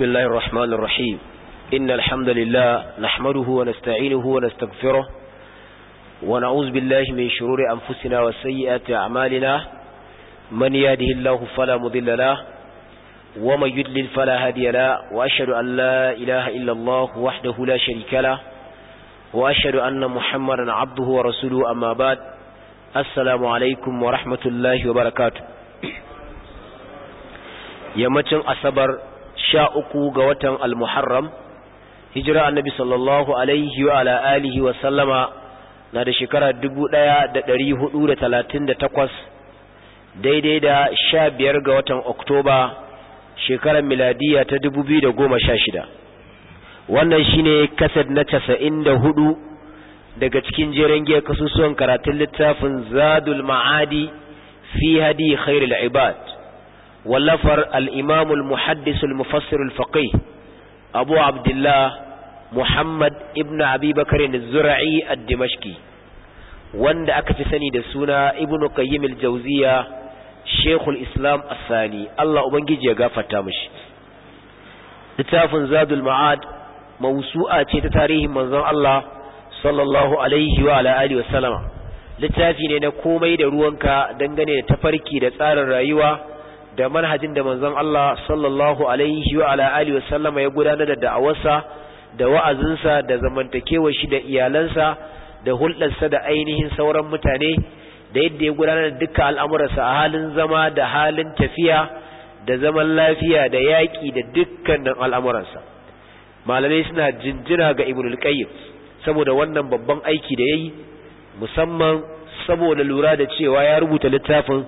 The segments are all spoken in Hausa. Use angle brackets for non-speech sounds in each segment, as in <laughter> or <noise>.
بسم الله الرحمن الرحيم إن الحمد لله نحمده ونستعينه ونستغفره ونعوذ بالله من شرور أنفسنا وسيئات أعمالنا من ياده الله فلا مضل له ومن يدلل فلا هادي له وأشهد أن لا إله إلا الله وحده لا شريك له وأشهد أن محمد عبده ورسوله أما بعد السلام عليكم ورحمة الله وبركاته yammacin أصبر sha uku ga watan almuharram hijira annabi sallallahu alaihi wa ala alihi wa sallama na da shekara takwas daidai da sha biyar ga watan oktoba shekarar miladiya ta sha shida wannan shine kasar na casa'in da huɗu daga cikin jeren giya kasusuwan karatun littafin zadul ma'adi fi hadi khairul ibad wallafar al'imamul muhaddisul mufassirul faƙai abu abdullah muhammad ibn abubakar zura'i a dimashki wanda aka fi sani da suna ibn Kayyimil jauziya shekul islam asani allah ubangiji ya gafarta mashi littafin zadul ma'ad mausu'a ce ta tarihin manzon allah sallallahu alaihi wa ala wa sallama littafi ne na komai da ruwanka dangane da tafarki da tsarin rayuwa da manhajin da manzon Allah sallallahu alaihi wa ala alihi wa sallama ya gudanar da da'awarsa da wa'azinsa da zamantakewar shi da iyalansa da hulɗarsa da ainihin sauran mutane da yadda ya gudanar da dukkan al'amuransa a halin zama da halin tafiya da zaman lafiya da yaƙi da dukkanin al'amuransa malamai suna jinjina ga ibn al-qayyim saboda wannan babban aiki da yayi musamman saboda lura da cewa ya rubuta littafin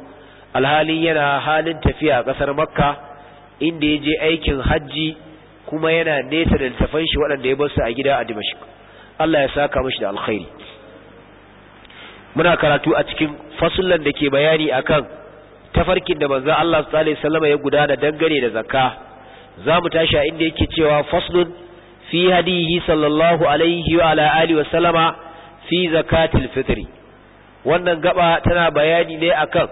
alhali yana halin tafiya a ƙasar makka inda ya je aikin hajji kuma yana nesa da littafan shi waɗanda ya basu a gida a dimashik Allah ya saka mashi da alkhairi muna karatu a cikin fasullan da ke bayani akan tafarkin da manzo Allah sallallahu alaihi wasallam ya gudana dangane da zakka za mu tashi a inda yake cewa faslun fi hadihi sallallahu alaihi wa ala alihi wa sallama fi zakatil fitri wannan gaba tana bayani ne akan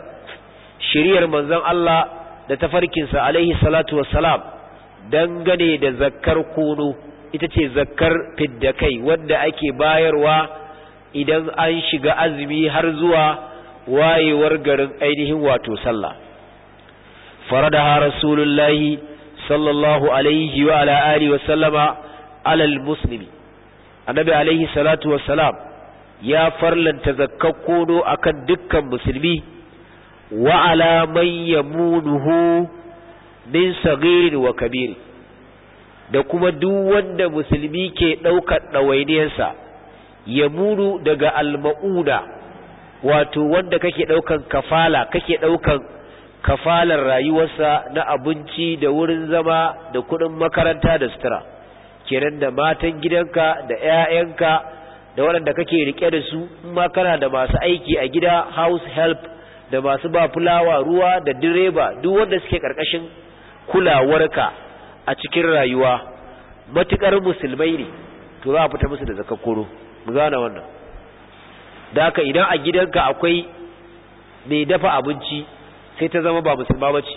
shiriyar manzon Allah da tafarkinsa alaihi salatu wassalam dangane da zakkar kunu ita ce zakkar fidda kai wadda ake bayarwa idan an shiga azumi har zuwa wayewar garin ainihin wato sallah faradaha rasulullahi sallallahu alaihi wa ala alihi wa sallama alal muslimi annabi alaihi salatu wassalam ya farlanta zakkar kono akan dukkan musulmi وعلى من يمونه min sagirin wa kabiri da kuma duk wanda musulmi ke ɗaukar ɗawainiyarsa ya muru daga alma'una wato wanda kake ɗaukan kafala kake ɗaukan kafalar rayuwarsa na abinci da wurin zama da kuɗin makaranta da sutura kenan da matan gidanka da 'ya'yanka da waɗanda kake riƙe da su in ma kana da masu aiki a gida house help da masu ba fulawa ruwa da direba duk wanda suke karkashin kulawarka a cikin rayuwa matukar musulmai ne to za a fita musu da zakakkuro mu gane wannan da haka idan a gidanka akwai mai dafa abinci sai ta zama ba musulma bace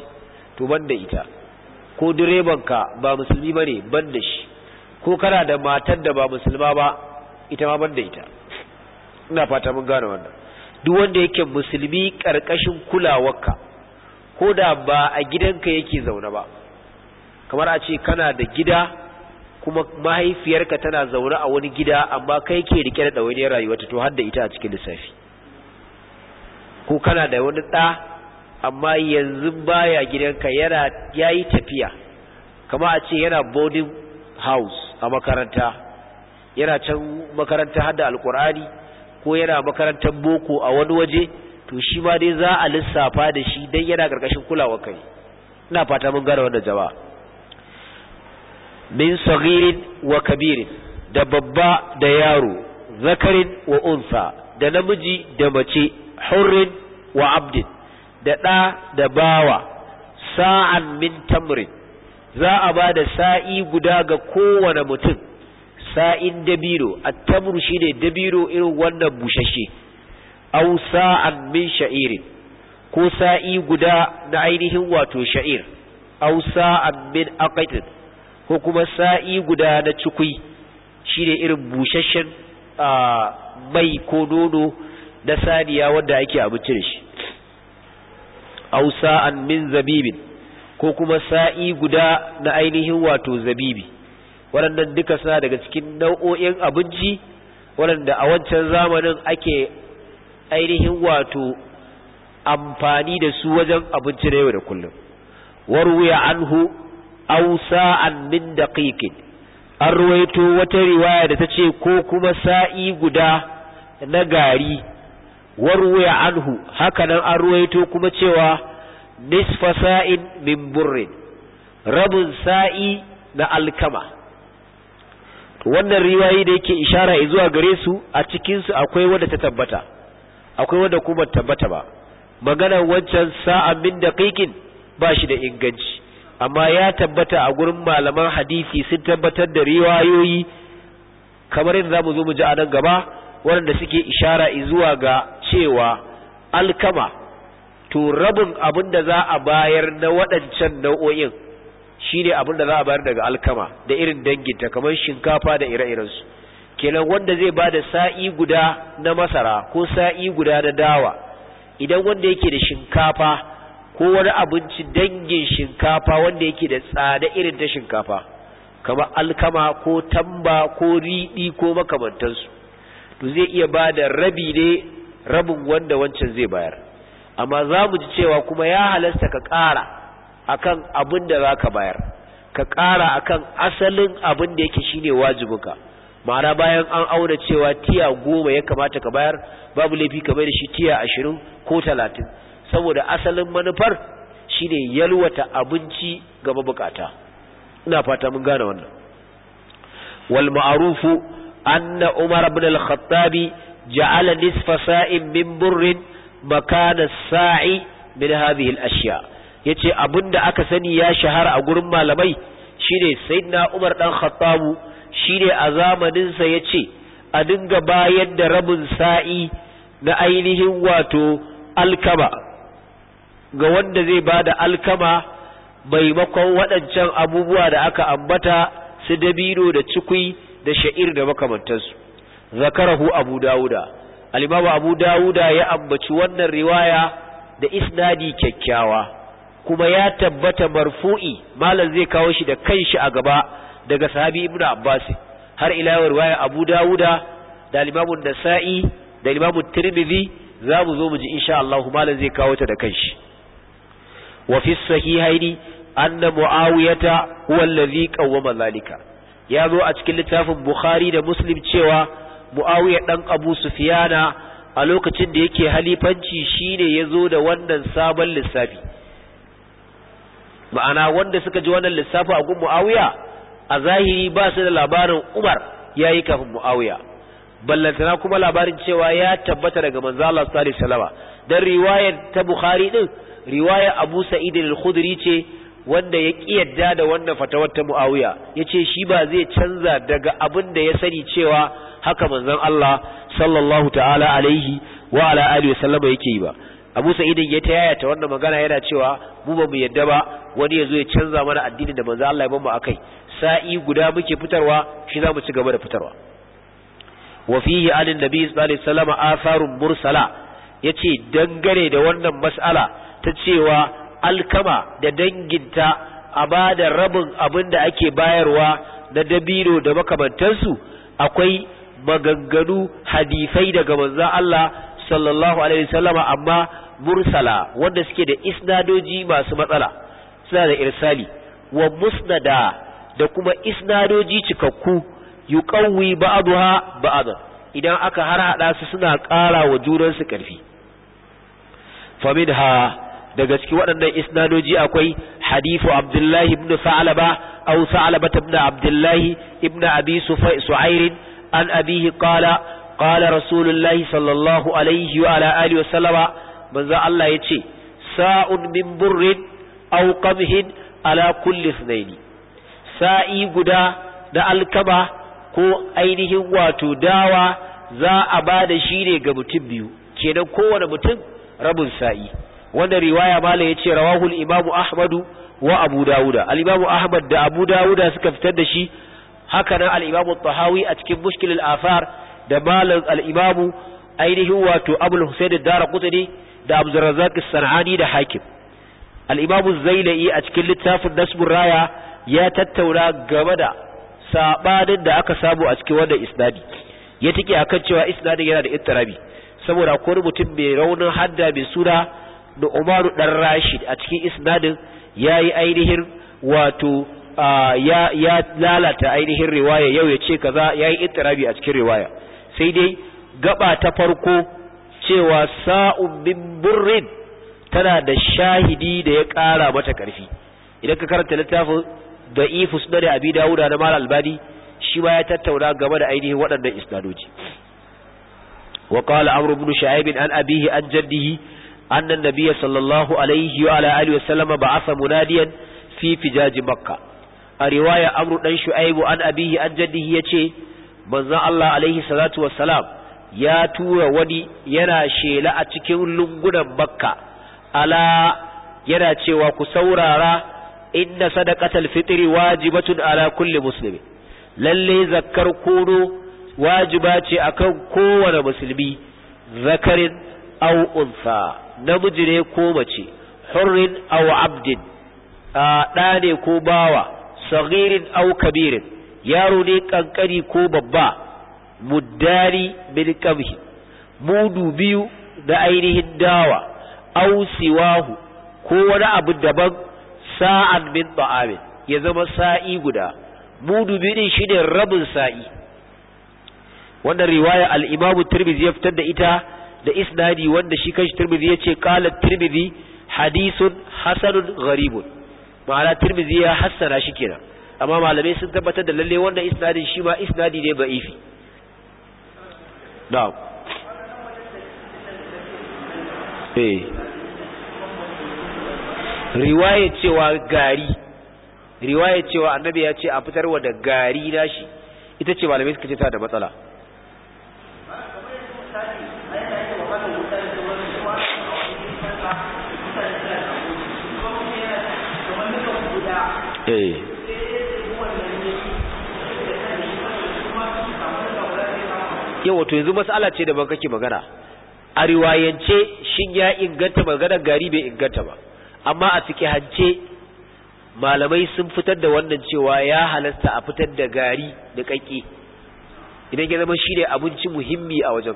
to banda ita ko direbanka ba musulmi bane banda shi ko kana da matar da ba musulma ba ita ma banda ita ina fata mun gane wannan duk wanda yake musulmi karkashin kulawarka ko da ba a gidanka yake zaune ba kamar a ce kana da gida kuma mahaifiyarka tana zaune a wani gida amma kai ke rike da ɗawainiyar rayuwarta to har da ita a cikin lissafi ko kana da wani ɗa amma yanzu baya gidanka yana yayi tafiya kamar a ce yana boarding house a makaranta yana can makaranta har da alkur'ani ko yana makarantar boko a wani waje to shi ma dai za a lissafa da shi dan yana karkashin kulawar kai ina fata mun gane wannan jama'a min saghirin wa kabirin da babba da yaro zakarin wa unsa da namiji da mace hurrin wa abdin da ɗa da bawa sa'an min tamrin za a ba da sa'i guda ga kowane mutum sa'in dabiro shi ne dabiro irin wannan bushashe aw sa'an min sha'irin ko sa'i guda na ainihin wato sha'ir aw sa'an min aqatin ko kuma sa'i guda na cikui ne irin bushashen mai ko nono na saniya wanda ake abinci da shi aw sa'an min zabibin ko kuma sa'i guda na ainihin wato zabibi waɗannan duka suna daga cikin nau'o'in abinci waɗanda a wancan zamanin ake ainihin wato amfani da su wajen abinci na yau da kullum warwuya anhu aw sa'an min daqiqin an ruwaito wata riwaya da ta ce ko kuma sa'i guda na gari warwuya anhu hakanan an ruwaito kuma cewa nisfa sa'in min burrin rabin sa'i na alkama wannan riwayi da yake ishara zuwa gare su a cikin su akwai wanda ta tabbata akwai wanda kuma tabbata ba magana wancan sa'an min daqiqin ba shi da inganci amma ya tabbata a gurin malaman hadisi sun tabbatar da riwayoyi kamar yadda zamu zo mu ji a nan gaba wanda suke ishara zuwa ga cewa alkama to rabin abin da za a bayar na waɗancan nau'o'in Shi ne abin da za a bayar daga alkama da irin danginta kamar shinkafa da ire-irensu kenan wanda zai ba da sa'i guda na masara ko sa'i guda na dawa idan wanda yake da shinkafa ko wani abinci dangin shinkafa wanda yake da tsada irin ta shinkafa kamar alkama ko tamba ko riɗi ko makamantansu to zai iya ba da rabi ne rabin wanda wancan zai bayar amma za mu ji cewa kuma ya halasta ka ƙara akan abin da zaka bayar ka ƙara akan asalin abin da yake shine wajibinka ma'ana bayan an auna cewa tiya goma ya kamata ka bayar babu laifi ka bai da shi tiya ashirin ko talatin saboda asalin manufar shine yalwata abinci ga mabukata ina fata mun gane wannan wal ma'rufu anna umar ibn al-khattabi ja'ala nisfa sa'in min burrin makana sa'i min hadhihi al-ashya' yace abin da aka sani ya shahara a gurin malamai shine sayyidina Umar dan Khattabu shine a zamanin sa yace a dinga bayar da rabin sa'i na ainihin wato alkama ga wanda zai bada alkama maimakon waɗancan abubuwa da aka ambata su dabino da cikui da sha'ir da makamantansu zakarahu abu dawuda alimamu abu dawuda ya ambaci wannan riwaya da isnadi kyakkyawa kuma ya tabbata marfu'i malam zai kawo shi da kanshi a gaba daga sahabi ibnu abbas har ila riwayar abu dawuda da limamun nasa'i da limamun tirmidhi za mu zo mu ji insha Allah malam zai kawo ta da kanshi wa fi sahihaini anna muawiyata huwa alladhi qawwama zalika ya zo a cikin littafin bukhari da muslim cewa muawiya dan abu Sufiyana a lokacin da yake halifanci shine ya zo da wannan sabon lissafi ma'ana wanda suka ji wannan lissafi a gun muawiya a zahiri ba su da labarin umar ya yi kafin muawiya ballantana kuma labarin cewa ya tabbata daga manzo Allah sallallahu alaihi dan riwayar ta bukhari din riwaya abu sa'id al-khudri ce wanda ya kiyarda da wannan fatawar ta muawiya yace shi ba zai canza daga abin da ya sani cewa haka manzon Allah sallallahu ta'ala alaihi wa ala alihi sallama yake yi ba abu sa'idin ya ta yaya ta wannan magana yana cewa mu ba mu yadda ba wani ya zo ya canza mana addinin da manzo Allah ya bamu akai sa'i guda muke fitarwa shi za mu ci gaba da fitarwa wa fihi alin nabi sallallahu alaihi wasallam atharun mursala yace dangare da wannan mas'ala ta cewa alkama da danginta a ba da rabin abin da ake bayarwa na dabino da makamantansu akwai maganganu hadifai daga manzo Allah sallallahu alaihi wasallama amma mursala wanda suke da isnadoji masu matsala suna da irsali wa musnada da kuma isnadoji cikakku yuqawwi ba'daha ba'dan idan aka harhaɗa su suna ƙara wa junansu ƙarfi ha daga cikin waɗannan isnadoji akwai hadifu abdullahi ibn sa'alaba aw sa'alaba ibn abdullahi ibn abi su'airin an abihi qala qala rasulullahi sallallahu alaihi wa ala alihi wa sallama manzo Allah ya ce sa'un min burrin aw qamhin ala kulli thnaini sa'i guda da alkaba ko ainihin wato dawa za a ba da shi ne ga mutum biyu kenan kowane mutum rabin sa'i wanda riwaya mala ya ce al-imamu ahmadu wa abu Dawuda. al-imamu ahmad da abu Dawuda suka fitar da shi haka nan al-imamu tahawi a cikin mushkil afar da malam al-imamu ainihin wato abul da Dara darqutni da abdurrazzaq sanani da hakim al-imam a cikin littafin nasbur raya ya tattauna game da saɓanin da aka samu a cikin wannan isnadi ya tike akan cewa isnadin yana da ittirabi saboda ko mutum mai raunin hadda mai suna da Umaru dan Rashid a cikin isnadin yayi ainihin wato ya lalata ainihin riwaya yau ya ce kaza yayi ittirabi a cikin riwaya sai dai gaba ta farko cewa sa'u bin tana da shahidi da ya ƙara mata ƙarfi idan ka karanta littafin da ifu suna da abi dawuda na mara albani shi ma ya tattauna game da ainihin waɗannan isnadoji wa qala amr ibn shu'aib an abihi an jaddihi anna nabiyya sallallahu alaihi wa ala alihi wa sallama ba'atha munadiyan fi fijaj makkah a riwaya amr dan shu'aibu an abihi an jaddihi ce manzon Allah alaihi salatu wa salam. ya tura wani yana shela a cikin lungunan makka ala yana cewa ku saurara inna sadaqatul fitri wajibatun ala kulli muslimi lalle zakkar kono wajiba ce akan kowane musulmi zakarin aw unsa namiji ne ko mace hurrin aw abdin da ne ko bawa sagirin aw kabirin yaro ne kankani ko babba muddari bil qabhi mudu biyu da ainihin dawa aw siwahu ko wani abu daban sa'an min ta'amin ya zama sa'i guda mudu biyu din shine rabin sa'i wannan riwaya al-Imam Tirmidhi ya fitar da ita da isnadi wanda shi kanshi Tirmidhi yace qala Tirmidhi hadithun hasanun gharibun ma'ana Tirmidhi ya hassana shi kenan amma malamai sun tabbatar da lalle wanda isnadin shi ba isnadi ne ifi. na'am eh riwaya cewa gari riwaya cewa annabi ya ce a fitarwa da gari nashi ita ce malamai suka ce ta da matsala eh yau wato yanzu mas'ala ce da ban kake magana a riwayance shin ya inganta magana gari bai inganta ba amma a cikin hance malamai sun fitar da wannan cewa ya halasta a fitar da gari da kake idan ya zama shi ne abinci muhimmi a wajen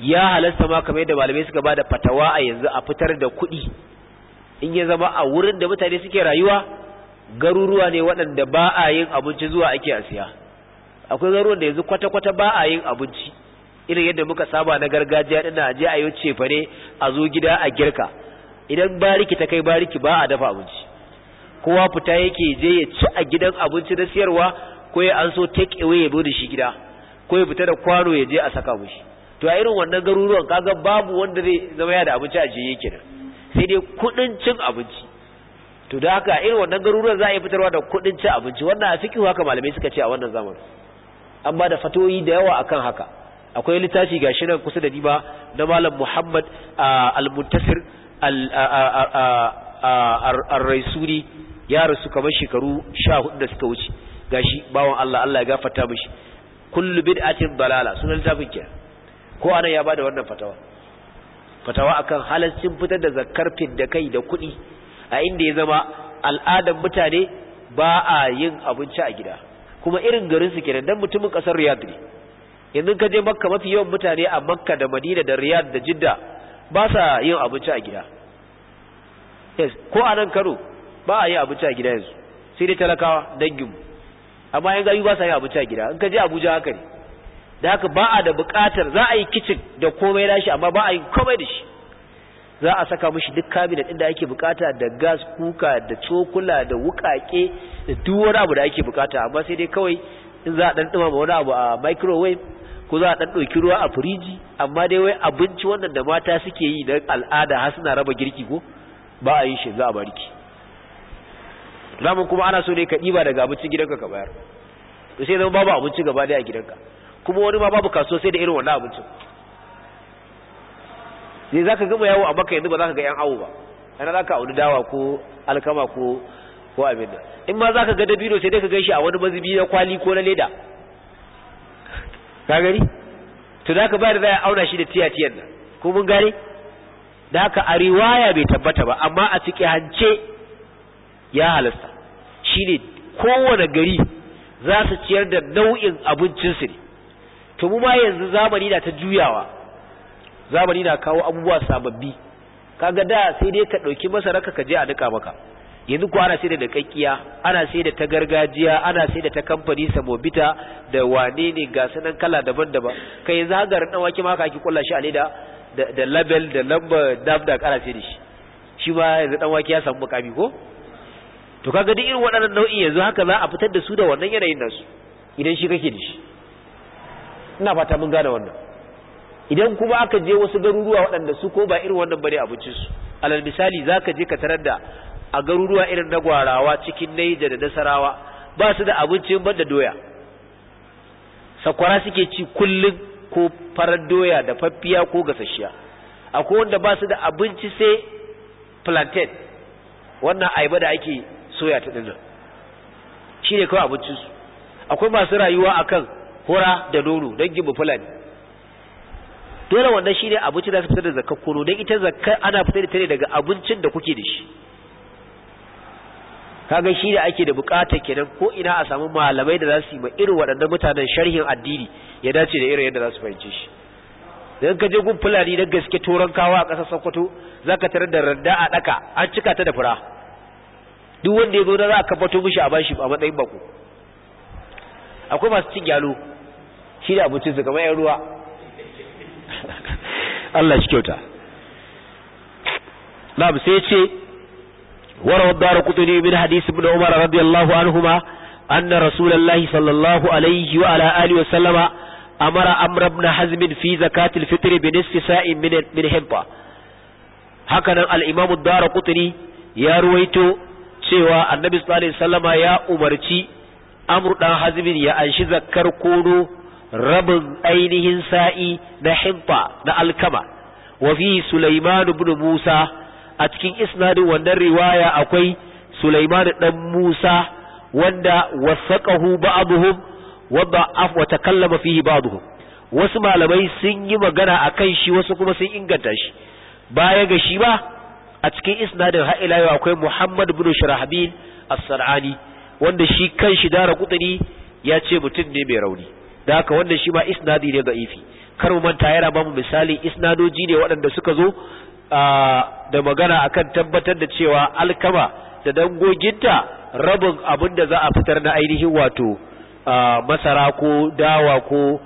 ya halasta ma kamar yadda malamai suka da fatawa a yanzu a fitar da kuɗi in ya zama a wurin da mutane suke rayuwa garuruwa ne waɗanda ba a yin abinci zuwa ake a siya akwai garuruwan da yanzu kwata-kwata ba a yin abinci irin yadda muka saba na gargajiya din a je a yi cefane a zo gida a girka idan bariki ta kai bariki ba a dafa abinci kowa fita yake je ya ci a gidan abinci na siyarwa ko ya an so take away ya bude shi gida ko ya fita da kwano ya je a saka mushi to a irin wannan garuruwan kaga babu wanda zai zama ya da abinci a jiye kenan sai dai kudin cin abinci to da haka irin wannan garuruwan za a yi fitarwa da kudin cin abinci wannan a fikihu haka malamai suka ce a wannan zamanin an ba da fatoyi da yawa akan haka akwai littafi gashi nan kusa da ni na malam Muhammad al-Muntasir al-Raisuri ya rasu kamar shekaru 14 da suka wuce gashi bawan Allah Allah ya gafarta mishi kullu bid'atin dalala sunan littafin ke ko ana ya ba da wannan fatawa fatawa akan halaccin fitar da zakkar da kai da kuɗi a inda ya zama al'adar mutane ba a yin abinci a gida kuma irin garin su kenan dan mutumin kasar Riyadh ne yanzu ka je Makka mafi yawan mutane a Makka da Madina da Riyadh da Jidda ba sa yin abinci a gida yes ko a nan Kano ba a yi abinci a gida yanzu sai dai talakawa dangin mu amma yan ayu ba sa yin abinci a gida in ka je Abuja haka ne da haka ba a da buƙatar za a yi kitchen da komai shi amma ba a yi komai da shi za a saka mishi duk cabinet inda da ake bukata da gas kuka da cokula da wukake da duk wani abu da ake bukata amma sai dai kawai in za a dan dima wani abu a microwave ko za a dan dauki ruwa a firiji amma dai wai abinci wannan da mata suke yi da al'ada har suna raba girki ko ba a yi shi za a barki zamu kuma ana so ne ka diba daga abincin gidanka ka bayar to sai zama babu abinci gaba daya a gidanka kuma wani ma babu kaso sai da irin wannan abincin sai za ka gama yawo a maka yanzu ba za ka ga yan awo ba yana za ka auni dawa ko alkama ko ko abin da in ma za ka ga dabino sai dai ka gaishe a wani mazubi na kwali ko na leda ka gani to za ka bayar da ya auna shi da tiyatiyar da ko mun gane da haka a riwaya bai tabbata ba amma a cikin hance ya halasta shine kowane gari za su ciyar da nau'in abincinsu ne to mu ma yanzu zamani na ta juyawa zamani na kawo abubuwa sababbi kaga da sai dai ka dauki masaraka ka je a duka maka yanzu ko ana sai da dakakkiya ana sai da ta gargajiya ana sai da ta kamfani samobita da wane ne ga sanan kala daban-daban kai yanzu hagarin dan wake ma ka ki kulla shi a leda da label da lamba da kara sai da shi shi ba yanzu dan waki ya samu mukami ko to kaga duk irin waɗannan nau'in yanzu haka za a fitar da su da wannan yanayin nasu idan shi kake da shi ina fata mun gane wannan idan kuma aka je wasu garuruwa waɗanda su ko ba irin wannan bane abincin su alal misali zaka je ka tarar da a garuruwa irin na gwarawa cikin Naija da Nasarawa ba su da abincin da doya sakwara suke ci kullun ko farar doya da faffiya ko gasasshiya akwai wanda ba su da abinci sai plantain wannan aiba da ake soya ta dinnan shine kawai abincin su akwai masu rayuwa akan hura da nono don gibu fulani dole wannan shine abinci da fitar da zakka kono dan ita zakka ana fitar da ta daga abincin da kuke da shi kaga shi da ake da bukata kenan ko ina a samu malamai da za su yi ma irin waɗannan mutanen sharhin addini ya dace da irin yadda za su fahimce shi Idan ka je gun fulani na gaske turan kawa a ƙasar Sokoto zaka tarar da randa a ɗaka an cika ta da fura duk wanda ya zo da za ka fato mishi a bashi a matsayin bako akwai masu cin yalo shi da abincin su kamar yan ruwa Allah shi kyauta na'am sai ce wara wadda qutni min hadisi ibn umar radiyallahu anhuma anna rasulallahi sallallahu alaihi wa ala alihi wa sallama amara amr ibn hazm fi zakati al-fitr bi nisfi sa'in min min hibba hakanan al-imam ad-darqutni ya ruwaito cewa annabi sallallahu alaihi wasallama ya umarci amr dan hazm ya anshi zakar kodo rabin ainihin sa'i na himfa na alkama wa fi Sulaiman ibn Musa a cikin isnadin wannan riwaya akwai Sulaiman ɗan Musa wanda wasaqahu ba'dhum wa da'af wa takallama fihi ba'dhum wasu malamai sun yi magana kan shi wasu kuma sun inganta shi baya ga shi ba a cikin isnadin har akwai Muhammad ibn Shurahbil as-Sar'ani wanda shi kanshi dara kutani ya ce mutum ne mai rauni da haka wannan shi ma isnadi ne da'ifi kar mu manta yana ba mu misali isnadoji ne waɗanda suka zo da magana akan tabbatar da cewa alkama da dangoginta rabin abin da za a fitar na ainihin wato masara ko dawa ko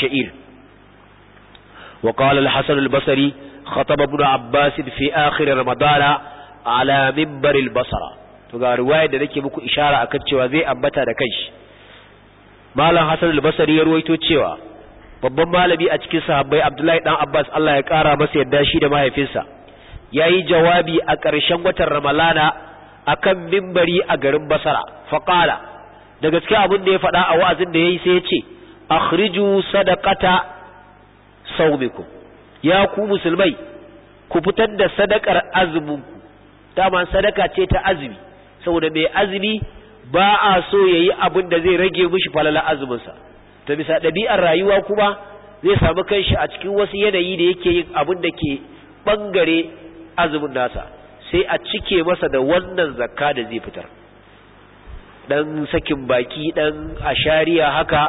sha'ir wa qala al-hasan al-basri khataba ibn abbas fi akhir ramadan ala minbar al-basra to ga riwaya da nake muku ishara akan cewa zai ambata da kanshi malam hasan al-basri ya ruwaito cewa babban malami a cikin sahabbai abdullahi dan abbas Allah ya kara masa yadda shi da mahaifinsa yayi jawabi a ƙarshen watan ramalana akan mimbari a garin basara faqala da gaske abin da ya faɗa a wa'azin da yayi sai ya ce akhriju sadaqata saumikum ya ku musulmai ku fitar da sadakar azuminku dama sadaka ce ta azumi saboda mai azumi ba a so ya yi abin da zai rage mishi falala azuminsa ta bisa ɗabi'ar rayuwa kuma zai samu kanshi a cikin wasu yanayi da yake yin abin da ke ɓangare azumin nasa sai a cike masa da wannan zakka da zai fitar ɗan sakin baki ɗan ashariya haka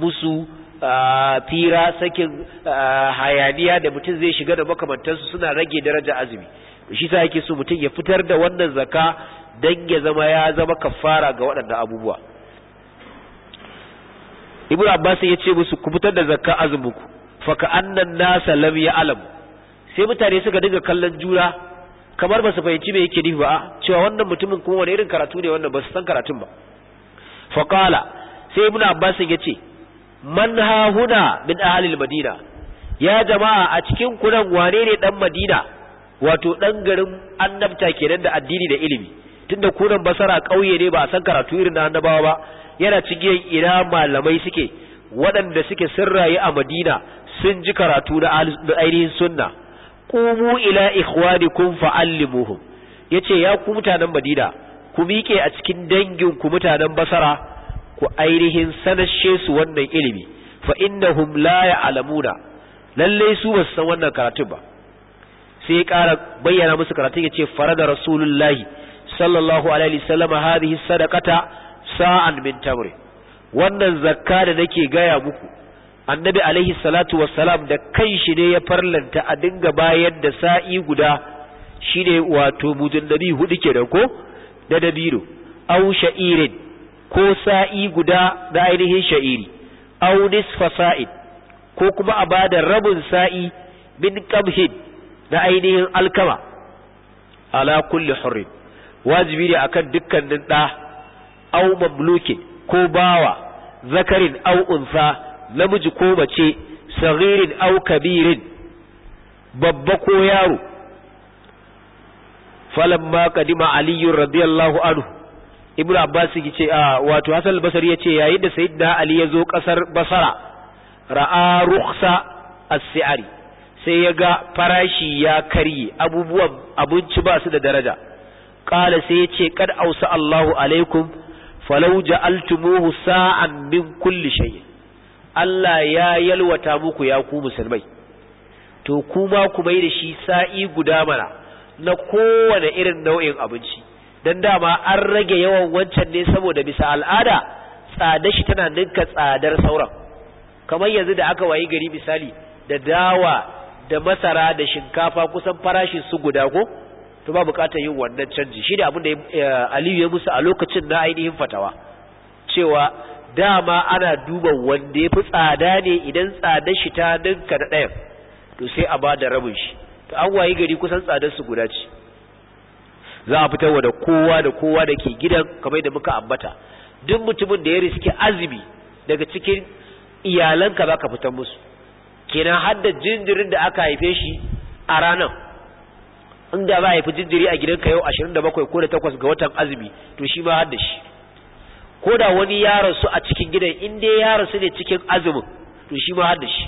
musu fira sakin hayaniya da mutum zai shiga da makamantansu suna rage daraja azumi shi sa yake so mutum ya fitar da wannan zakka dan ya zama ya zama kafara ga waɗanda abubuwa ibnu abbas ya ce musu ku fitar da zakka azumuku fa ka annan nasa lam alam sai mutane suka dinga kallon jura kamar ba su fahimci me yake nufi ba ah, cewa wannan mutumin kuma wani irin karatu ne wannan ba su san karatun ba fa qala sai ibnu abbas ya ce man ha huna min ahlil madina ya jama'a a cikin nan wane ne dan madina wato dan garin annabta kenan da addini da ilimi tunda kunan basara ƙauye ne ba a san karatu irin na annabawa ba yana cikin ina malamai suke waɗanda suke sun a madina sun ji karatu na ainihin sunna qumu ila ikhwanikum fa'allimuhum yace ya ku mutanen madina ku miƙe a cikin dangin ku mutanen basara ku ainihin sanashe su wannan ilimi fa innahum la ya'lamuna lalle su ba su san wannan karatun ba sai ya ƙara bayyana musu karatun yace da rasulullahi sallallahu alaihi wasallam hadhihi sadaqata sa'an min tamr wannan zakka da nake gaya muku annabi alaihi salatu wassalam da kanshi ne ya farlanta a dinga bayar da sa'i guda shine wato mudun nabi hudu da ko da dabiro au sha'irin ko sa'i guda da ainihin sha'iri aw nisfa sa'id ko kuma a bada rabin sa'i min qamhin da ainihin alkama ala kulli hurrin wajibi ne akan dukkanin ɗa au mamlukin ko bawa zakarin au unsa namiji ko mace sagirin au kabirin babba ko yaro falamma kadima aliyu radiyallahu anhu ibnu abbas yace a ah, wato hasan basri yace yayin da sayyidina ali ya zo kasar basara ra'a rukhsa as-si'ari sai ya ga farashi ya karye abubuwan abinci ba su da daraja qala sai yace kad ausa Allahu alaikum falau ja'altumuhu sa'an min kulli shay Allah ya yalwata muku ya ku musulmai to kuma ku mai da shi sa'i guda mana na kowane irin nau'in abinci dan dama an rage yawan wancan ne saboda bisa al'ada tsada shi tana ninka tsadar sauran kamar yanzu da aka wayi gari misali da dawa da masara da shinkafa kusan farashin su guda ko to ba bukatar yin wannan canji shi ne abin da eh, aliyu ya musu a lokacin na ainihin fatawa cewa dama ana duba wanda ya fi tsada ne idan tsada shi ta ninka na ɗayan to sai a ba da rabin shi ta an wayi gari kusan tsadar su guda ce za a fitar da kowa da kowa da ke gidan kamar da muka ambata duk mutumin da ya riski azumi daga cikin iyalanka za ka fitar musu kenan har jinjirin da aka haife shi a ranar In da za a yi jinjiri a gidanka yau 27 ko da 8 ga watan azumi to shi ma hada shi ko da wani ya rasu a cikin gidan in dai ya rasu ne cikin azumin to shi ma hada shi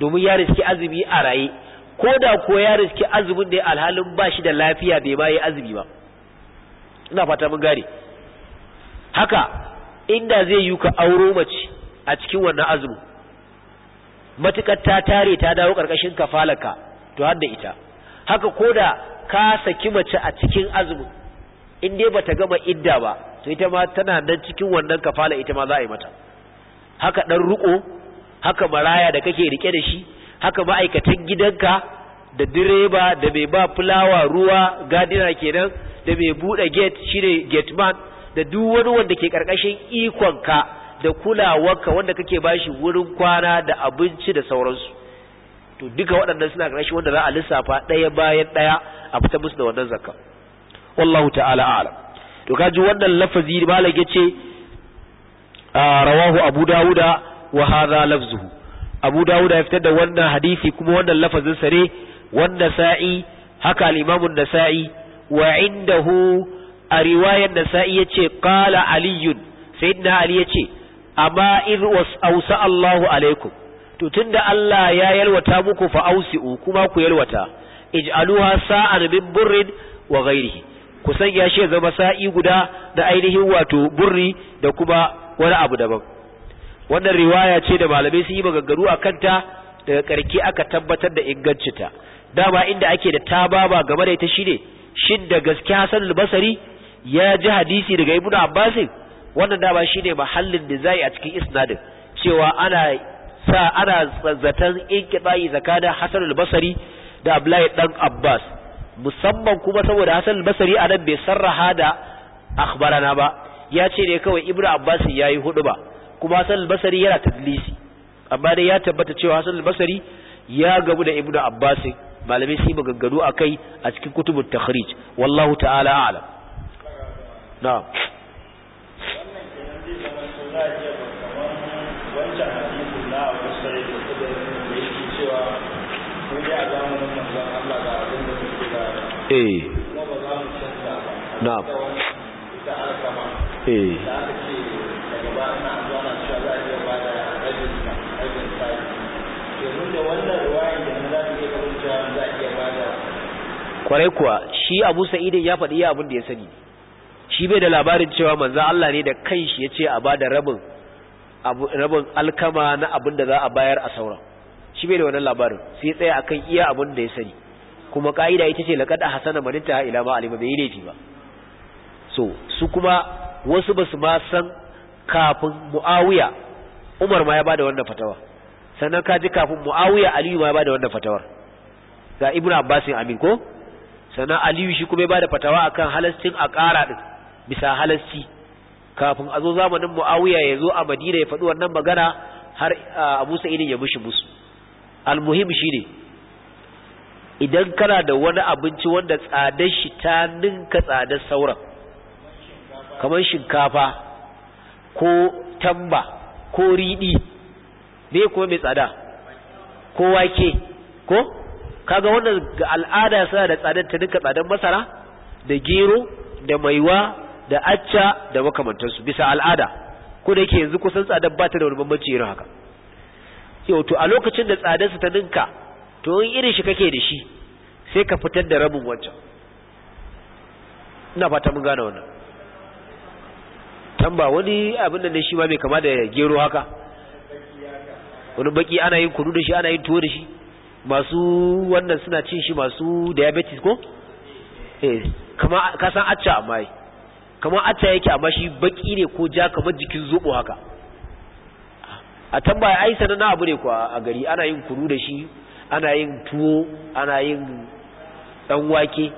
domin ya riski azumi a raye ko da ko ya riski azumin da alhalin ba shi da lafiya bai ba yi azumi ba ina fata mun gare haka inda zai yi ka auro mace a cikin wannan azumin matukar ta tare ta dawo karkashin kafalaka to hadda ita haka koda ka saki mace a cikin azumin in dai bata gama idda ba to ita ma tana nan cikin wannan kafala ita ma za a yi mata haka dan ruko haka maraya da kake rike da shi haka ma'aikatan gidanka da direba da mai ba fulawa ruwa gadina kenan da mai bude gate shine gate man da duk wani wanda ke karkashin ikonka da kulawarka wanda kake bashi wurin kwana da abinci da sauransu to duka waɗannan suna ƙarshe wanda za a lissafa ɗaya bayan ɗaya a fita musu da wannan zakka wallahu ta'ala a'lam to kaji wannan lafazi malam yace rawahu abu dawuda wa hadha lafzuhu abu dawuda ya fitar da wannan hadisi kuma wannan lafazin sa ne wanda sa'i haka al imamu an-nasa'i wa indahu a riwayar nasa'i yace qala aliyun sayyidina ali yace amma idh was Allahu alaikum to tunda Allah ya yalwata muku fa ausi'u kuma ku yalwata ij'aluha sa'an min burrid wa ghairihi ku san ya she zama sa'i guda da ainihin wato burri da kuma wani abu daban wannan riwaya ce da malamai sun yi magagaru a kanta daga karki aka tabbatar da ingancinta dama inda ake da tababa game da ita shine shin da gaske Hassan al-Basri ya ji hadisi daga Ibnu Abbas wannan dama shine mahallin da zai a cikin isnadin cewa ana sa ana zaton inkitai tsakanin hasan al-Basri da Abdullahi Ɗan Abbas musamman kuma saboda hasan al-Basri nan bai sarraha da akhbarana ba ya ce ne kawai Ibnu Abbas ya yi hudu ba kuma Hassan al-Basri yana tadlisi amma dai ya tabbata cewa hasan al-Basri ya gabu da Ibnu Abbas malamai sai magaggadu akai a cikin kutubun takhrij wallahu ta'ala a'lam na'am kwarai kuwa shi Abu Sa'id ya faɗi ya abin da ya sani shi bai da labarin cewa manzon Allah ne da kanshi ya ce a ba da rabin rabin alkama na abin da za a bayar a sauran shi bai da wannan labarin sai tsaya akan iya abin da ya sani kuma ka'ida ita ce laqad ahsana man Maninta ila ma alima bai laifi ba so su kuma wasu basu ma san kafin muawiya umar ma ya bada wannan fatawa sannan ka ji kafin muawiya aliyu ma ya bada wannan fatawar ga ibnu abbasin amin ko sannan aliyu shi kuma ya bada fatawa akan halascin a ƙara din bisa halasci kafin a zo zamanin muawiya ya zo a madina ya faɗi wannan magana har abu sa'idin ya mushi musu almuhim ne, idan kana da wani abinci wanda tsadar shi ta ninka tsadar sauran kamar shinkafa ko tamba ko riɗi me kuma mai tsada ko wake ko kaga wannan ga al'ada suna da tsadar ta ninka tsadar masara da gero da maiwa da acca da makamantansu bisa al'ada ko da yake yanzu kusan tsadar ba ta da wani bambanci irin haka yau to a lokacin da tsadarsa ta ninka to in irin shi kake da shi sai ka fitar da rabin wancan ina fata mun gane wannan tamba wani abin da ne shi ma mai kama da gero haka wani baki ana yin kudu da shi ana yin tuwo da shi masu wannan suna cin shi masu diabetes ko eh kama kasan acca amma yi kamar acca yake amma shi baki ne ko ja kamar jikin zobo haka a tambaya ai sanan abu ne ko a gari ana yin kuru da shi ana yin tuwo ana yin dan wake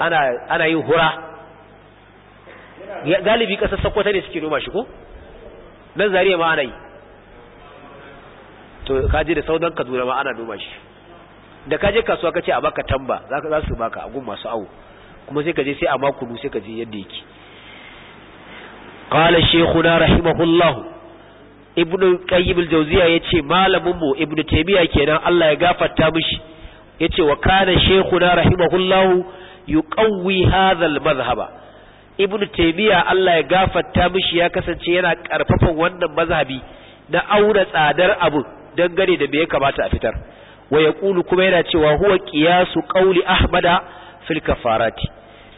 ana ana yin hura galibi kasar sakwata ne suke noma shi ko nan zariya ma ana yi to kaje da saudan kaduna ma ana noma shi da kaje kasuwa kace a baka tamba za su baka a gun masu awo kuma sai kaje sai a makulu sai kaje yadda yake qala shaykhuna rahimahullahu ibnu qayyim al-jawziya yace malamin mu ibnu taymiya kenan Allah ya gafarta mishi yace wa kana shaykhuna rahimahullahu yuqawwi hadha al-madhhaba ibnu taymiya Allah ya gafarta mishi ya kasance yana karfafan wannan mazhabi na aure tsadar abu dangane da me ya kamata a fitar wa yaqulu kuma yana cewa huwa qiyasu qawli ahmada fil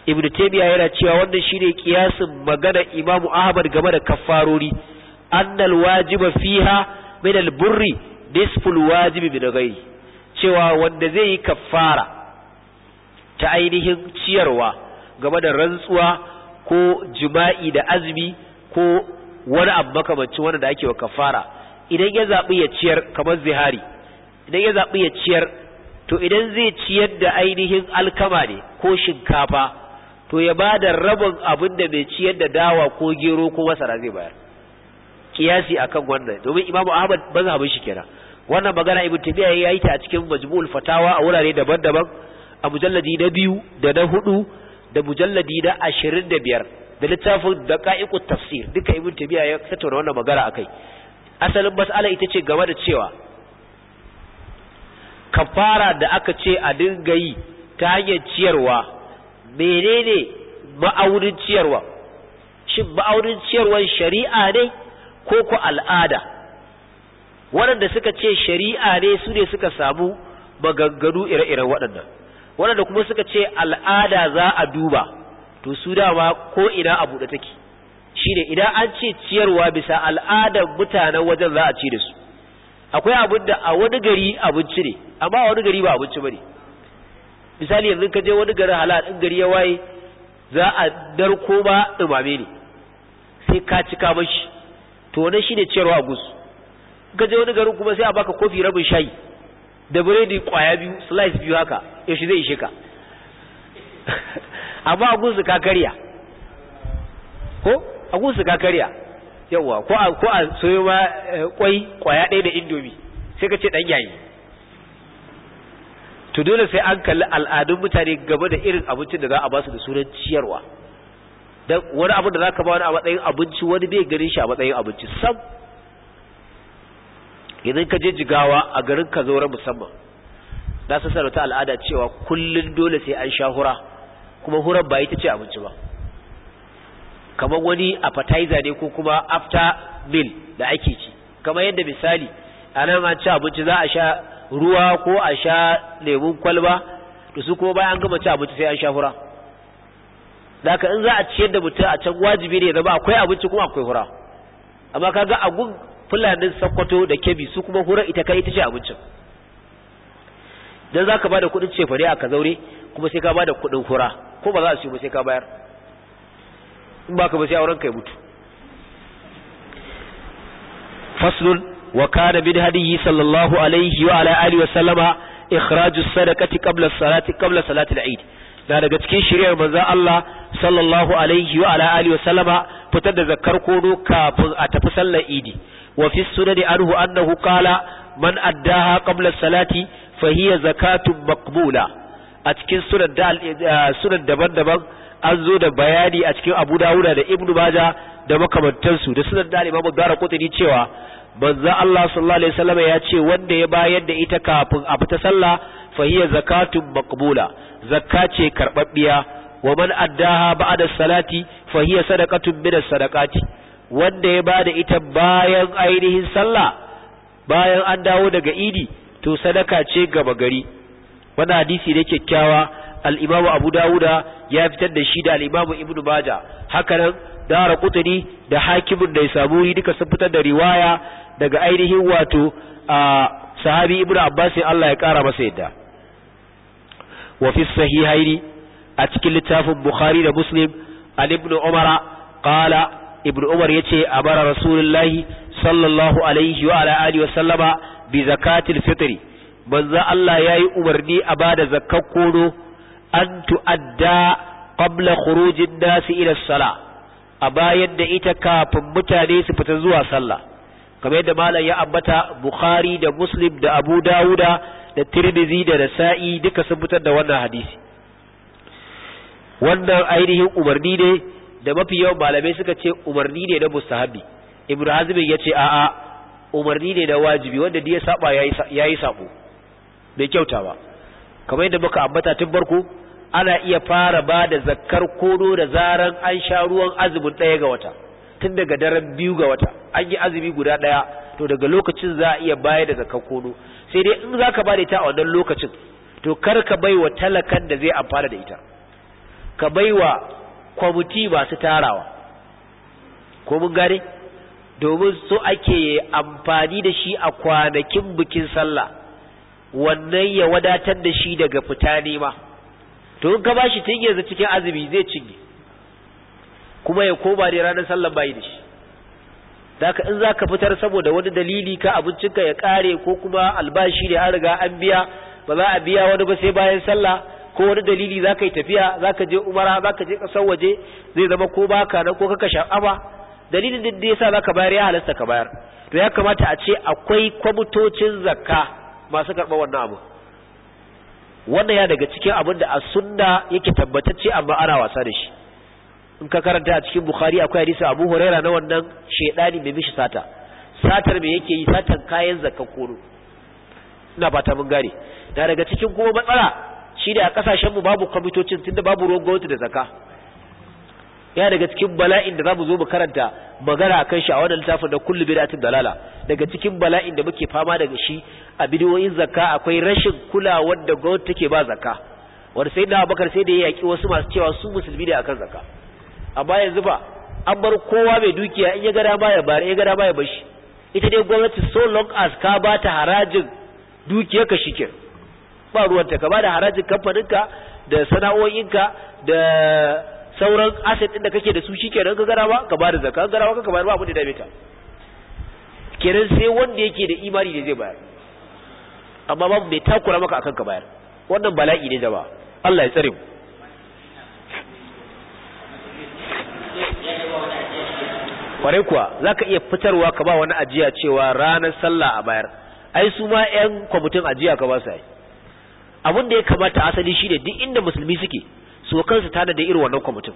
ibnu taymiya yana cewa wannan shine kiyasin magana imamu ahmad game da kaffarori annal wajiba fiha min al burri nisful wajibi min ghairi cewa wanda zai yi kaffara ta ainihin ciyarwa game da rantsuwa ko jima'i da azumi ko wani abu makamancin wanda da ake wa kafara idan ya zaɓi ya ciyar kamar zihari idan ya zaɓi ya ciyar to idan zai ciyar da ainihin alkama ne ko shinkafa to ya ba da rabin abin da bai ciyar da dawa ko gero ko masara zai bayar kiyasi akan wannan domin imamu ahmad ban abin shi kenan wannan magana ibn tabi'a ya yi ta a cikin majmu'ul fatawa a wurare daban-daban a mujalladi na biyu da na hudu da mujalladi na ashirin da biyar da littafin da ka'iku tafsir duka ibn tabi'a ya tattauna wannan magana akai asalin mas'ala ita ce game da cewa kafara da aka ce a dinga yi ta hanyar ciyarwa menene ba'aurin ciyarwa shin ba'aurin ciyarwar shari'a ne ko ku al'ada waɗanda suka ce shari'a ne su ne suka samu maganganu ire-iren waɗannan waɗanda kuma suka ce al'ada za a duba to su dama ko ina a buɗe take ne idan an ce ciyarwa bisa al'adar mutanen wajen za a ci da su akwai abin a wani gari abinci ne amma a wani gari ba abinci bane misali yanzu ka je wani garin halal in gari ya waye za a darko ba dumame ne sai ka cika mashi to wannan shine ciyarwa gus ka je wani garin kuma sai a baka kofi rabin shayi da biredi kwaya biyu slice biyu haka yaushe zai ishe ka <laughs> amma a gusu ka karya ko a gusu ka karya yawa ko a soyo ma kwai eh, kwaya ɗaya da indomi sai ka ce ɗan yayi to dole sai an kalli al'adun mutane game da irin abincin da za a ba su da sunan ciyarwa dan wani abin da za ka ba wani a matsayin abinci wani bai ganin shi a matsayin abinci sam idan ka je jigawa a garin ka zaura musamman na san sarauta al'ada cewa kullun dole sai an sha hura kuma huran ba ita ce abinci ba kamar wani appetizer ne ko kuma after meal da ake ci kamar yadda misali a nan an ci abinci za a sha ruwa ko a sha lemun kwalba to su kuma bayan gama ci abinci sai an sha fura daga in za a ciyar da mutum a can wajibi ne zama akwai abinci kuma akwai fura amma kaga a gun fulanin sakkwato da kebi su kuma hura ita kai ita ce abincin dan zaka bada kudin cefare a kazaure kuma sai ka bada kudin hura ko ba za a ci ba sai ka bayar in baka ba sai auren kai mutu faslun وكان من هديه صلى الله عليه وعلى آله وسلم إخراج الصدقة قبل الصلاة قبل صلاة العيد na daga cikin shirya manzo Allah sallallahu alaihi wa ala alihi fitar da zakar kono kafin a tafi sallar idi wa fi sunani anhu annahu qala man addaha qabla salati fa zakatun maqbula a cikin sunan daban-daban an zo da bayani a cikin Abu Dawud da Ibn Majah da makamantansu da sunan da Imam Dara cewa banza Allah sallallahu alaihi wasallam ya ce wanda ya bayar da ita kafin a fita sallah fa hiya zakatun maqbula zakka ce karbabbiya wa man addaha ba'da salati fa hiya sadaqatun min sadaqati wanda ya bada ita bayan ainihin sallah bayan an dawo daga idi to sadaka ce gaba gari wannan hadisi da kyakkyawa al-Imam Abu Dawuda ya fitar da shi da al-Imam Ibn Majah haka nan da hakimin da ya da wuri duka sun fitar da riwaya daga ainihin wato a sahabi ibnu abbas Allah ya kara masa yadda wa fi sahihaini a cikin littafin bukhari da muslim an ibnu umara qala Ibn umar yace abara rasulullahi sallallahu alaihi wa alihi wa sallama bi zakatil fitri manzo Allah yayi umarni a bada zakar koro an tu'adda qabla khurujin nasi ila sala a bayan da ita kafin mutane su fita zuwa sallah kamar yadda malam ya ambata bukhari da muslim da abu dawuda da tirmizi da nasa'i duka sun fitar da wannan hadisi wannan ainihin umarni ne da mafi yawan malamai suka ce umarni ne na mustahabi ibnu hazm ya ce a'a umarni ne na wajibi wanda da ya saba yayi sabo bai kyauta ba kamar yadda muka ambata tun farko ana iya fara ba da zakkar kodo da zaran an sha ruwan azumin ɗaya ga wata tun daga daren biyu ga wata an yi azumi guda ɗaya to daga lokacin za a iya bayar da zakar kono sai dai in za ka ba da ita a wannan lokacin to kar ka bai wa talakan da zai amfana da ita ka bai wa kwamiti masu tarawa ko mun gane domin so ake amfani da shi a kwanakin bikin sallah wannan ya wadatar da shi daga fita nema to in ka ba shi tun yanzu cikin azumi zai cinye kuma ya koma da ranar sallan bayi da shi daga in za ka fitar saboda wani dalili ka abincinka ya kare ko kuma albashi ne an riga an biya ba za a biya wani ba sai bayan sallah ko wani dalili za ka yi tafiya za ka je umara za ka je kasar waje zai zama ko baka nan ko kaka sha'aba dalilin da ya sa za ka bayar ya halasta ka bayar to ya kamata a ce akwai kwamitocin zakka masu karɓar wannan abu wannan ya daga cikin abin da a sunna yake tabbatacce amma ana wasa da shi in ka karanta a cikin bukhari akwai hadisi abu huraira na wannan shedani mai mishi sata satar me yake yi satan kayan zakkan kono ina fata mun gane da daga cikin kuma matsala shi da a kasashen mu babu kwamitocin tunda babu ruwan gwamnati da zakka ya daga cikin bala'in da za mu zo mu karanta magana akan shi a wannan littafin da kullu bid'atin dalala daga cikin bala'in da muke fama daga shi a bidiyoyin zakka akwai rashin kulawar da gwamnati take ba zakka wanda sai da Abubakar sai da ya yaki wasu masu cewa su musulmi ne akan zakka a yanzu zuba an bar kowa mai dukiya in ya gada baya bari ya gada baya bashi ita dai gwamnati so long as ka ba ta harajin dukiyar ka shikin ba ruwanta ka ba da harajin kamfaninka da sana'o'inka da sauran asset din da kake da su shikenan ka gada ba ka ba da zakka gada ba ka bayar ba abin da dame ka kenan sai wanda yake da imani ne zai bayar amma babu bai takura maka akan ka bayar wannan bala'i ne jama'a Allah ya tsare mu kwarai kuwa za ka iya fitarwa ka ba wani ajiya cewa ranar sallah a bayar ai su ma 'yan kwamitin ajiya ka ba su yi abin da ya kamata asali shi ne duk inda musulmi suke su kansu tana da irin wannan kwamitin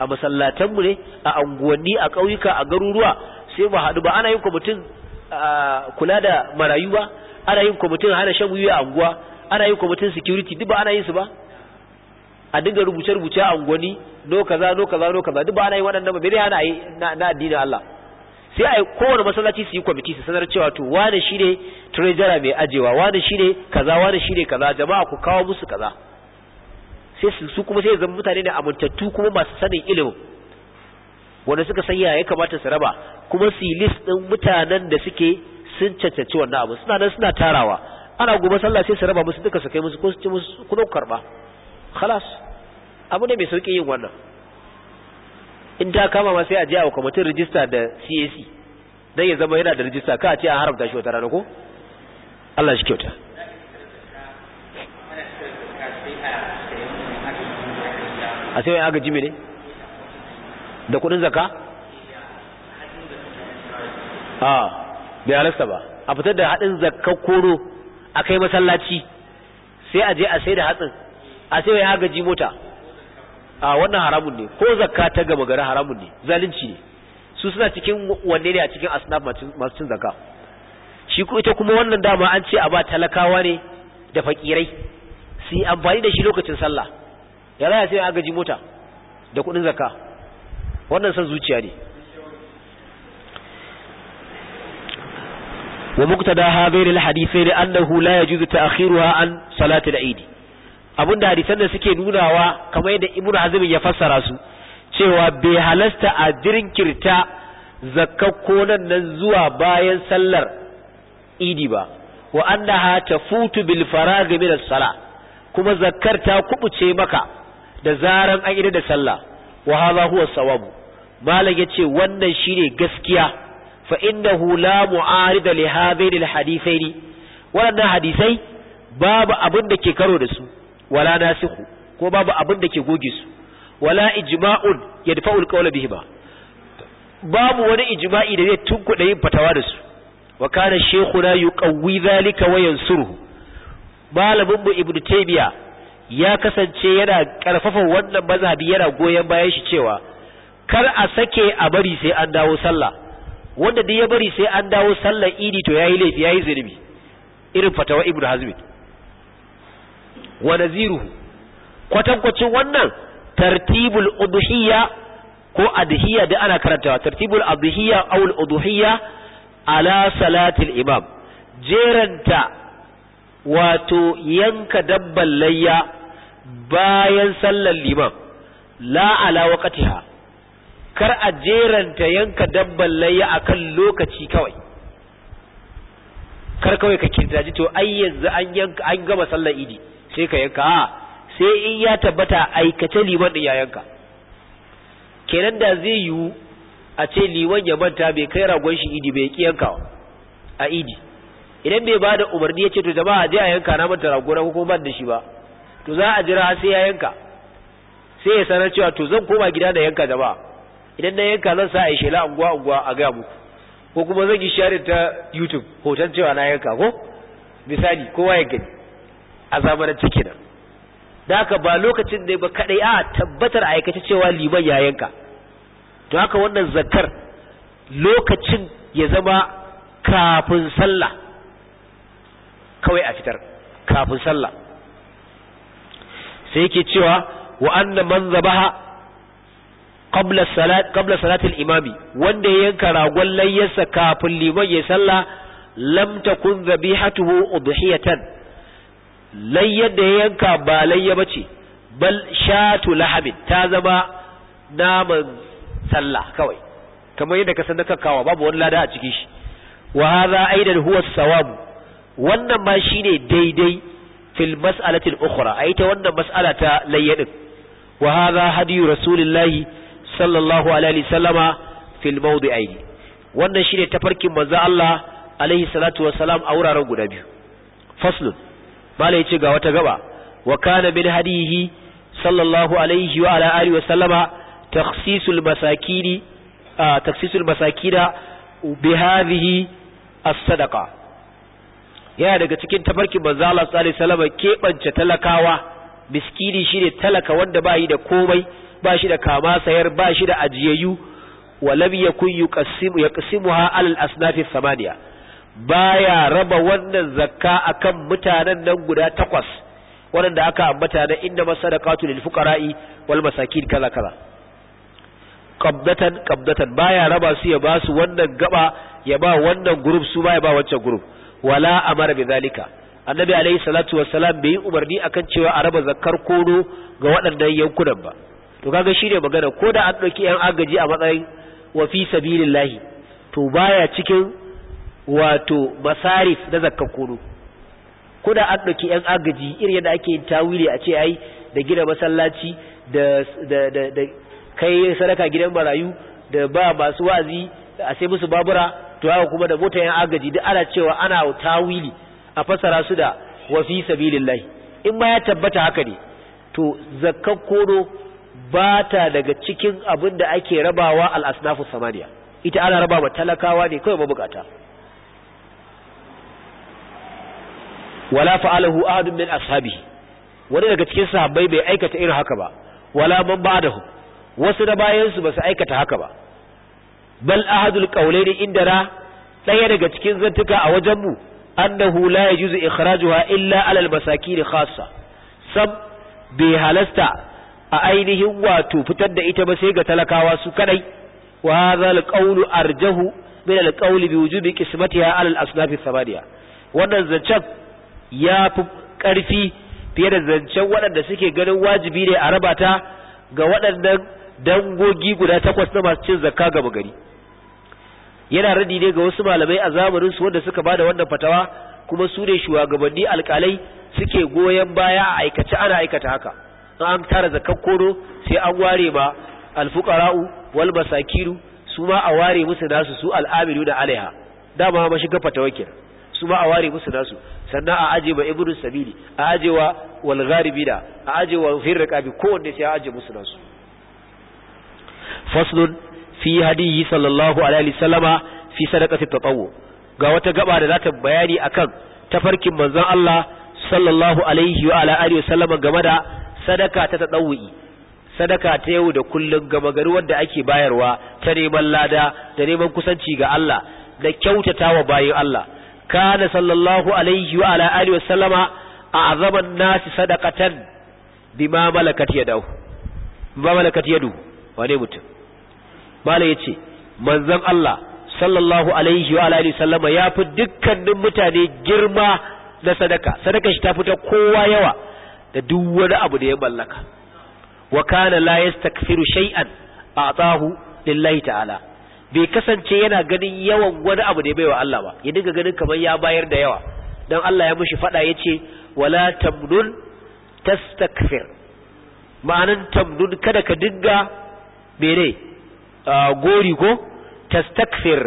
a masallatanmu ne a anguwanni a ƙauyuka a garuruwa sai ba haɗu ba ana yin kwamitin kula da marayu ba ana yin kwamitin hana shan wuya a unguwa. ana yin kwamitin security duk ba ana yin su ba a dinga rubuce rubuce a unguwanni no kaza no kaza no kaza duk ba ana yi waɗannan ba bai yana yi na addinin Allah sai a kowane masallaci su yi kwamiti su sanar cewa to wani shine treasurer mai ajewa wani shine kaza wani shine kaza jama'a ku kawo musu kaza sai su kuma sai zama mutane ne amintattu kuma masu sanin ilimin wanda suka san ya kamata su raba kuma su yi list din mutanen da suke sun cancanci wannan abu suna nan suna tarawa ana gobe sallah sai su raba musu duka su kai musu ko su ci musu kuma karba khalas abu ne mai sauki yin wannan in ta kama ma sai a je a kwamitin rijista da CAC dan ya zama yana da rijista ka a ce a haramta shi wata rana ko Allah shi kyauta a sai wani agaji ne da kudin zaka a bai halasta ba a fitar da haɗin zakka koro a kai masallaci sai a je a sai da hatsin a sai ya agaji mota a wannan haramun ne ko zakka ta gaba gari haramun ne zalunci ne su suna cikin wanne ne a cikin asnaf masu cin zakka shi ku ita kuma wannan dama an ce a ba talakawa ne da fakirai su yi amfani da shi lokacin sallah ya raya sai agaji mota da kuɗin zakka wannan san zuciya ne wa ومقتدى hula ya la yajuzu ta'khiruha an salatu da idi. da hadisan da suke nunawa kamar yadda ibnu hazm ya fassara su cewa bai halasta a dirinkirta zakakko nan nan zuwa bayan sallar idi ba wa annaha tafutu bil faragh min as-sala kuma zakkar ta kubuce maka da zaran an idi da sallah wa hadha huwa sawabu malam yace wannan shine gaskiya fa innahu la mu'arida li hadhihi al hadithaini waɗannan hadisai babu abin da ke karo da su wala nasikhu ko babu abin da ke goge su wala ijma'un yadfa'ul qawla ba babu wani ijma'i da zai tunkuɗa yin fatawa da su wa kana la yuqawwi dhalika wa yansuruhu malamin mu ibnu taybiya ya kasance yana karfafa wannan mazhabi yana goyen bayan shi cewa kar a sake a bari sai an dawo sallah wanda duk ya bari sai an dawo sallar idi to yayi laifi yayi zulubi irin fatawa ibnu hazmi wa naziruhu kwatankwacin wannan tartibul udhiyya ko adhiyya da ana karantawa tartibul adhiyya aw al udhiyya ala salatil imam jeranta wato yanka dabban layya bayan sallar liman la ala waqtiha kar a jeranta yanka dabban layya akan lokaci kawai kar kawai ka kirtaji to ai yanzu an yanka an gama sallar idi sai ka yanka sai in ya tabbata aikace liman din ya yanka kenan da zai yiwu a ce liman ya manta bai kai ragon shi idi bai ki yanka a idi idan bai bada umarni ya ce to jama'a je a yanka na manta rago na kuma ban da shi ba to za a jira sai ya yanka sai ya sanar cewa to zan koma gida da yanka jama'a idan na yanka zan sa a shela unguwa unguwa a ga muku ko kuma zan yi share ta YouTube hoton cewa na yanka ko misali kowa ya gani azabar ciki nan da haka ba lokacin ya ba kadai a tabbatar aikace cewa liman ya yanka to haka wannan zakar lokacin ya zama kafin sallah kawai a fitar kafin sallah sai yake cewa wa anna man zabaha qabla salat qabla al imami wanda ya yanka ragon layyarsa kafin liman ya sallah lam takun zabihatu udhiyatan layyar da ya yanka ba layya ba ce bal shatu lahabin ta zama naman sallah kawai kamar yadda ka san na babu wani lada a cikin shi wa hadha aidan huwa sawabu wannan ma shine daidai fil mas'alatil ukhra a ta wannan mas'ala ta layyadin wa hadha hadiyu rasulillahi sallallahu alaihi wasallama fil mawdi'aini wannan shine tafarkin manzo Allah alaihi salatu wassalam a wuraren guda biyu faslun mala ce ga wata gaba wa kana min hadihi sallallahu alaihi wa ala alihi wa sallama takhsisul masakini takhsisul masakina bi hadhihi as-sadaqa yana daga cikin tafarkin manzo Allah sallallahu alaihi wasallam kebance talakawa miskini shine talaka wanda ba da komai ba shi da kama sayar ba shi da ajiyayyu wa lam yakun yuqsimu yaqsimuha alal asnaf samaniya baya raba wannan zakka akan mutanen nan guda takwas waɗanda aka ambata na inda masadaqatu lil fuqara'i wal masakin kaza kaza qabdatan qabdatan baya raba su ya ba su wannan gaba ya ba wannan group su baya ba wancan group wala amara zalika annabi alayhi salatu wassalam bai yi umarni akan cewa a raba zakkar kono ga waɗannan yankunan ba to kaga shine magana ko da an ɗauki yan agaji a matsayin wa fi sabilillahi to baya cikin wato masarif na zakka kuno ko an ɗauki ‘yan agaji irin yadda ake yin tawili a ce ai da gina masallaci da kai sadaka gidan marayu da ba masu wazi a sai musu babura to haka kuma da mota ‘yan agaji duk ana cewa ana tawili a fasara su da wafi sabilillahi in ma ya tabbata haka ne to zakka kuno ba ta daga cikin abin da ake rabawa asnafu samaniya ita ana raba talakawa ne kawai mabukata wala fa'alahu ahadun min ashabi wani daga cikin sahabbai bai aikata irin haka ba wala man ba'dahu wasu da bayan su basu aikata haka ba bal ahadul inda indana daya daga cikin zantuka a wajen mu annahu la yajuzu ikhrajuha illa alal masakin khassa sab bi halasta a ainihin wato fitar da ita ba sai ga talakawa su kadai wa hadha alqawlu arjahu min alqawli bi wujubi qismatiha alal asnaf thamaniya wannan zancen ya fi ƙarfi fiye da zancen waɗanda suke ganin wajibi ne a raba ta ga waɗannan dangogi guda takwas na masu cin zakka gaba gari yana radi ne ga wasu malamai a zamanin su wanda suka bada wannan fatawa kuma su ne shugabanni alƙalai suke goyon baya a aikace ana aikata haka in an tara zakkan kono sai an ware ma alfuqara'u wal masakiru su ma a ware musu nasu su al'amiru da alaiha dama ma shiga fatawa kenan su ma a ware musu nasu sannan a aje ba ibnu sabili a wa wal da a wa fi riqabi kowanne sai a aje musu nasu faslun fi hadiyi sallallahu alaihi wasallama fi sadaqati tatawwu ga wata gaba da zata bayani akan tafarkin manzon Allah sallallahu alaihi wa ala alihi wasallama game da sadaka ta tatawwi sadaka ta yau da kullun gama gari wanda ake bayarwa ta neman lada da neman kusanci ga Allah da kyautatawa bayin Allah kana sallallahu alaihi wa ala alihi wasallama a azaban nasi sadaqatan bima malakat yadahu bima malakat yadu wane mutum mala yace manzon Allah sallallahu alaihi wa ala alihi wasallama yafi dukkanin mutane girma na sadaka sadaka shi ta fita kowa yawa da duk wani abu da ya mallaka Wakana kana la shai'an shay'an a'tahu ta'ala bai kasance yana ganin yawan wani abu da ya baiwa Allah ba ya dinga ganin kamar ya bayar da yawa dan Allah ya mishi fada yace wala Tamdun tastakfir ma'anan Tamdun kada ka dinga mene gori ko tastakfir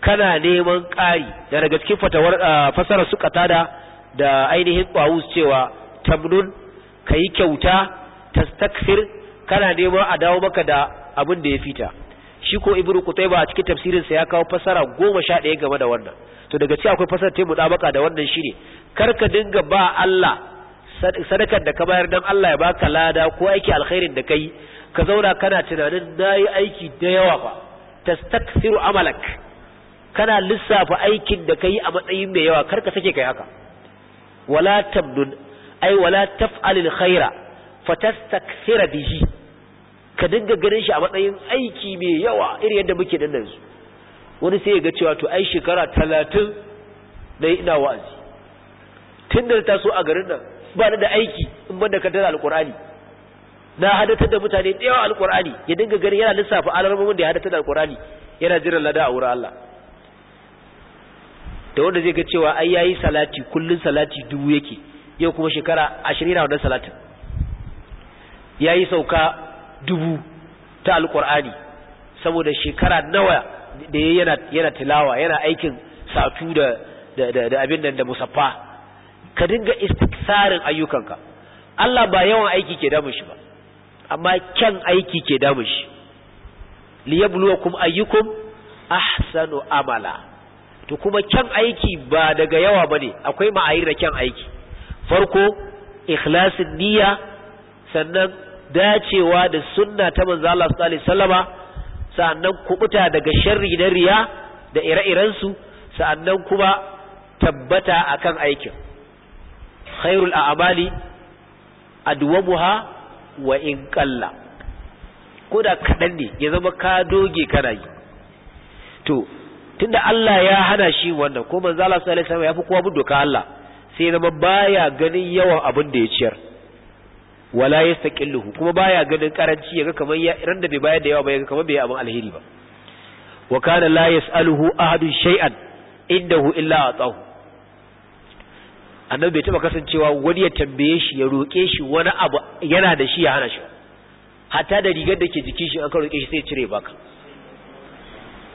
kana neman ƙari daga cikin fatawar fasara suka tada da ainihin qawus cewa tamdun kai kyauta tastakfir kana neman a dawo maka da abin da ya fita shi ko ibnu a cikin tafsirin sa ya kawo fasara goma sha ɗaya game da wannan to daga ci akwai fasara ta mudabaka da wannan shine kar ka dinga ba Allah sadakar da ka bayar dan Allah ya baka lada ko aiki alkhairin da kai ka zauna kana tunanin dai aiki da yawa fa tastakthiru amalak kana lissafa aikin da kai a matsayin mai yawa kar ka sake kai haka wala tabdun ai wala taf'alil khaira fatastakthira bihi ka dinga ganin shi a matsayin aiki mai yawa irin yadda muke nan su wani sai ya ga cewa to ai shekara talatin na yi ina wa'azi tun da taso a garin nan ba da aiki in banda ka tana alkur'ani na hadata da mutane da yawa alkur'ani ya dinga ganin yana lissafa alamomin da ya hadatar da alkur'ani yana jiran lada a wurin Allah da wanda zai ga cewa ai yayi salati kullun salati dubu yake yau kuma shekara 20 na salati salatin yayi sauka dubu ta Alƙur'ani saboda shekara nawa da yana yana tilawa yana aikin satu da abin da musaffa ka dinga istiksarin ayyukanka Allah ba yawan aiki ke damun shi ba amma kyan aiki ke damun shi kuma ayyukum ahsanu amala to kuma kyan aiki ba daga yawa ba ne, akwai ma'ayir da kyan aiki farko ikhlasin niyya sannan dacewa da sunna ta manzo Allah sallallahu alaihi wasallama sa'annan kubuta daga sharri da riya da ire-iren su sa'annan kuma tabbata akan aikin khairul a'mali Adwabuha wa in qalla da kadan ne ya zama ka doge kana yi to tunda Allah ya hana shi wannan ko manzo Allah sallallahu alaihi wasallama ya fi kowa bin doka Allah sai zama baya ganin yawan abin da ya ciyar wala yastaqilluhu kuma baya ganin karanci yaga kamar ya randa bai bayar da yawa ba yaga kamar bai abin alheri ba wa kana la yasaluhu ahadun shay'an indahu illa atahu annabi bai taba kasancewa wani ya tambaye shi ya roke shi wani abu yana da shi ya hana shi hatta da rigar da ke jikin shi an ka roke shi sai cire baka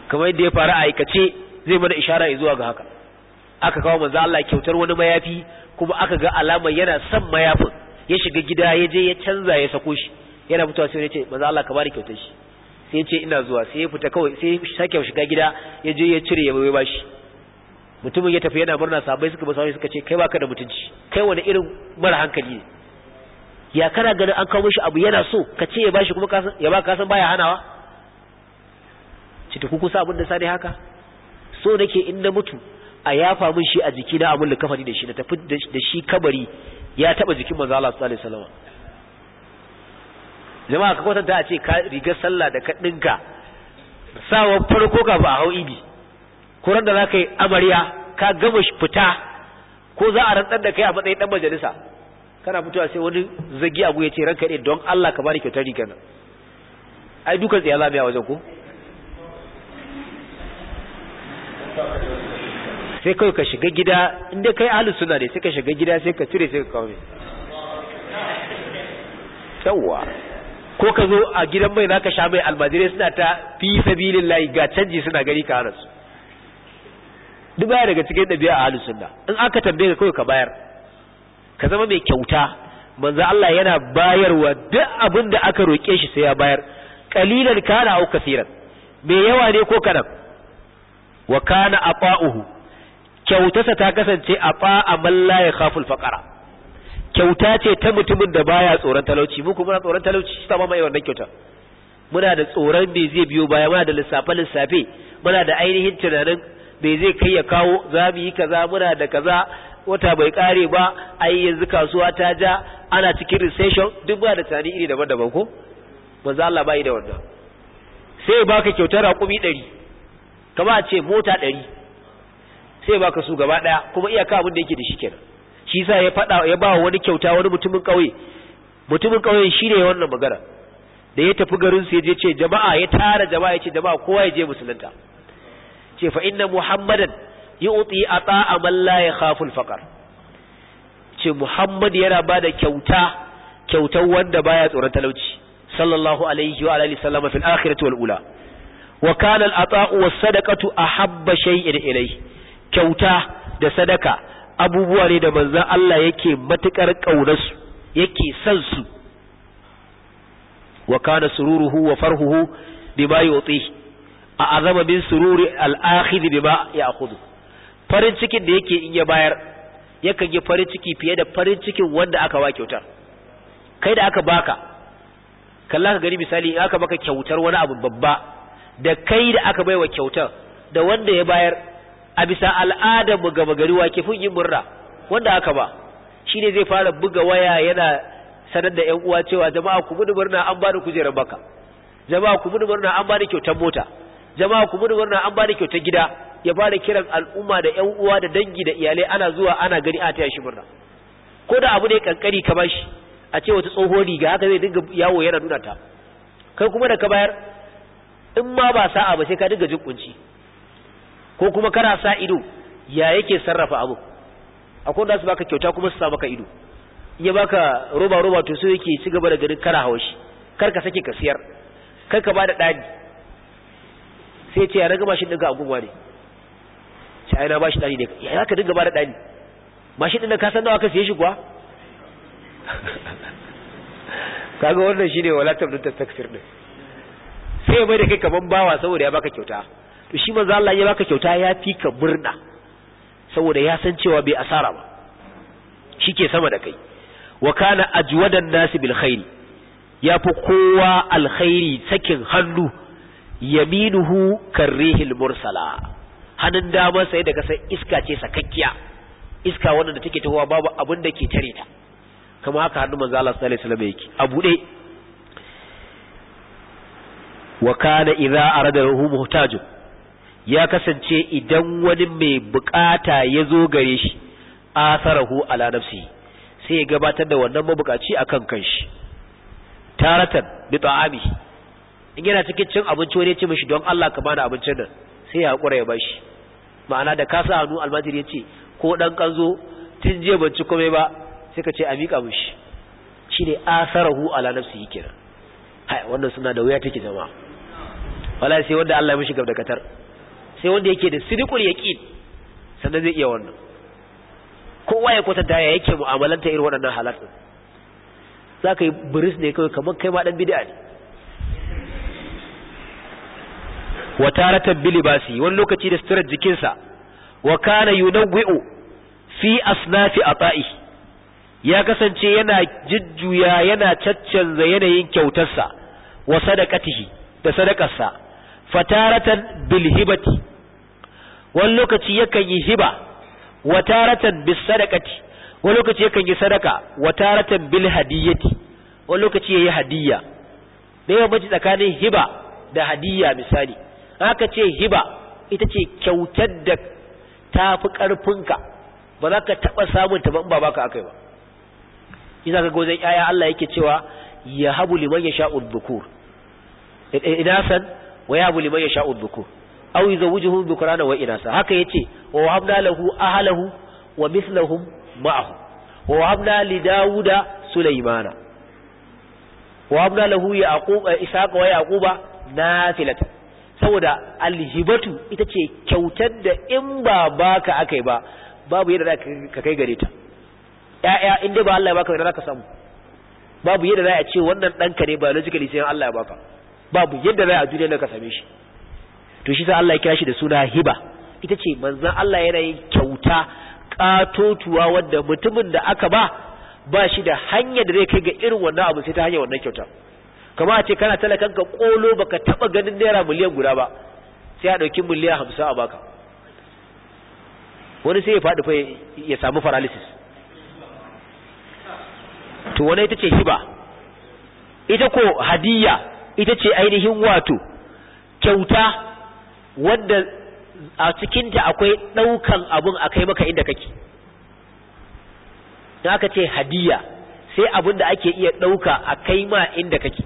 kamar yadda ya faru a aikace zai mana ishara zuwa ga haka aka kawo manzo Allah kyautar wani mayafi kuma aka ga alama yana san mayafin ya shiga gida ya je ya canza ya sako shi yana fitowa sai ya ce maza Allah ka bari kyautar shi sai ya ce ina zuwa sai ya fita kawai sai ya sake shiga gida ya je ya cire ya bai bashi mutumin ya tafi yana murna sabai suka basa suka ce kai baka da mutunci kai wani irin mara hankali ne ya kana ganin an kawo shi abu yana so ka ce ya bashi kuma ya baka kasan san baya hanawa ce kuku sa abin da sani haka so nake in na mutu a yafa min shi a jiki na abin likafani da shi na tafi da shi kabari ya taba jikin manzo Allah sallallahu alaihi wasallam jama'a ka kwatanta a ce ka riga sallah da ka dinka sawa farko ka ba hau ibi ko ran da zaka yi amarya ka gama fita ko za a rantsar da kai a matsayin dan majalisa kana fitowa sai wani zagi abu ya ce ranka ne don Allah ka bari kyautar riga nan ai dukan tsaya za mu a wajen ko sai kai ka shiga gida inda kai ahlus sunna ne sai ka shiga gida sai ka cire sai ka kawo tawwa ko ka zo a gidan mai zaka sha mai almajirai suna ta fi sabilillahi ga canji suna gari ka hana su duk baya daga cikin dabi'a ahlus sunna in aka tambaye ka kai ka bayar ka zama mai kyauta manzo Allah yana bayarwa duk abin da aka roke shi sai ya bayar qalilan kana au kaseeran me yawa ne ko kana wa kana ata'uhu kyautarsa ta kasance a fa a malla ya khaful faqara kyauta ce ta mutumin da baya tsoron talauci mu muna tsoron talauci shi ta mamaye wannan kyauta muna da tsoron me zai biyo baya muna da lissafe lissafe muna da ainihin tunanin me zai kai ya kawo za mu yi kaza muna da kaza wata bai kare ba ai yanzu kasuwa ta ja ana cikin recession duk ba da tunani iri daban-daban ko manzo Allah bai da wannan sai baka kyautar raƙumi 100 kama a ce mota 100 sai baka su gaba daya kuma iyaka abin da yake da shi kenan shi yasa ya fada ya ba wani kyauta wani mutumin kauye mutumin shi shine wannan magana da ya tafi garin ya je ce jama'a ya tara jama'a ya ce jama'a kowa ya je musulunta ce fa inna muhammadan yu'ti ata'a man la yakhafu al-faqr ce muhammad yana bada kyauta kyautar wanda baya tsoron talauci sallallahu alaihi wa alihi sallama fil akhirati wal ula wa kana al-ata'u was sadaqatu ahabba shay'in ilayhi kyauta da sadaka abubuwa ne da manzon Allah yake matukar ƙaunarsu yake son su wa kana sururuhu wa farhuhu bima yuti a azama bin sururi al-akhidh bima ya'khudhu farin cikin da yake in ya bayar yakan yi farin ciki fiye da farin cikin wanda aka ba kyautar kai da aka baka kalla ka gani misali in aka baka kyautar wani abu babba da kai da aka baiwa kyautar da wanda ya bayar a bisa al'adar buga gaba gari wake yin murna wanda aka ba shi ne zai fara buga waya yana sanar da yan uwa cewa jama'a ku gudu murna an bani kujerar baka jama'a ku gudu murna an bani kyautar mota jama'a ku gudu murna an bani kyautar gida ya fara kiran al'umma da yan uwa da dangi da iyalai ana zuwa ana gani a taya shi murna ko da abu ne kankari ka shi a ce wata tsohon riga haka zai dinga yawo yana nuna ta kai kuma da ka bayar in ma ba sa'a ba sai ka dinga jin kunci ko kuma kana sa ido ya yake sarrafa abu akwai da su baka kyauta kuma su sa maka ido ya baka roba roba to so yake ci gaba da garin kana haushi kar ka sake ka siyar kar ka bada dadi sai ce ya raga mashin daga agugwa ne sai ai na bashi dadi ne ya ka dinga bada dadi mashin ɗin ka san nawa ka siye shi kuwa <laughs> kaga wannan shine wala tabdun tasfir din sai mai da kai kaman bawa saboda ya baka kyauta to shi manzo Allah ya baka kyauta ya fi ka murna saboda ya san cewa bai asara ba shike sama da kai wa kana ajwadan nasi bil khair ya fi kowa alkhairi sakin hannu yaminuhu karrihil mursala hannun dama sai daga san iska ce sakakkiya iska wanda da take tawa babu abin da ke tare ta kamar haka hannun manzo Allah sallallahu alaihi wasallam yake a bude wa kana idza aradahu muhtajun ya kasance idan wani mai bukata ya zo gare shi asarahu ala nafsi sai ya gabatar da wannan mabukaci kan kanshi taratan bi ta'ami in yana cikin cin abinci wani ya ce mishi don Allah ka bani abincin nan sai ya hakura ya bashi ma'ana da ka sa hannu almajiri ya ce ko dan kanzo tun je ban ci komai ba sai ka ce a miƙa mishi shine asarahu ala nafsi yake hai wannan suna da wuya take jama'a wala sai wanda Allah ya mishi gabdakatar sai wanda yake da sirikul yaqin sannan zai iya wannan kowa ya kwatanta ya yake mu'amalanta irin waɗannan halat za ka yi buris ne kawai kamar kai ma dan bid'a ne wa taratan bilibasi wani lokaci da suturar jikinsa wa kana yunawwi'u fi asnafi ata'i ya kasance yana jujjuya yana caccanza yanayin kyautarsa wa sadaqatihi da sadakarsa fataratan bil hibati wani lokaci yakan yi hiba wa taratan bis sadaqati wani lokaci yakan yi sadaka wa taratan bil hadiyati wani lokaci yayi hadiyya da yawan bace tsakanin hiba da hadiyya misali haka ce hiba ita ce kyautar da tafi karfinka ba za ka taba samun ta ba in ba baka akai ba ina ga gozan yaya Allah yake cewa ya habu liman ya yasha'ul bukur san. wa yahabu liman yasha'u dhukur aw yuzawwijuhu dhukran wa inasa haka yace wa wahabna lahu ahlahu wa mithluhum ma'ahu wa wahabna li dauda sulaymana wa wahabna lahu yaquba eh, isaqa wa yaquba nafilat saboda alhibatu ita ce kyautar da in ba baka akai ba babu yadda ka kai gare ta yaya in dai ba Allah ya baka yadda zaka samu babu yadda za a ce wannan danka ne biologically sai Allah ya baka babu yadda za a duniya na ka same shi to shi sa Allah ya kira shi da suna hiba ita ce manzon Allah yana yin kyauta katotuwa wanda mutumin da aka ba ba shi da hanya da zai kai ga irin wannan abu sai ta hanyar wannan kyauta kama a ce kana talakan ka kolo baka taba ganin naira miliyan guda ba sai a dauki miliyan hamsin a baka wani sai ya faɗi fa ya samu paralysis to wani ita ce hiba ita ko hadiyya ita ce ainihin wato kyauta wadda a cikinta akwai ɗaukan abun a kai maka inda kake in aka ce hadiya sai abun da ake iya ɗauka a kai ma inda kake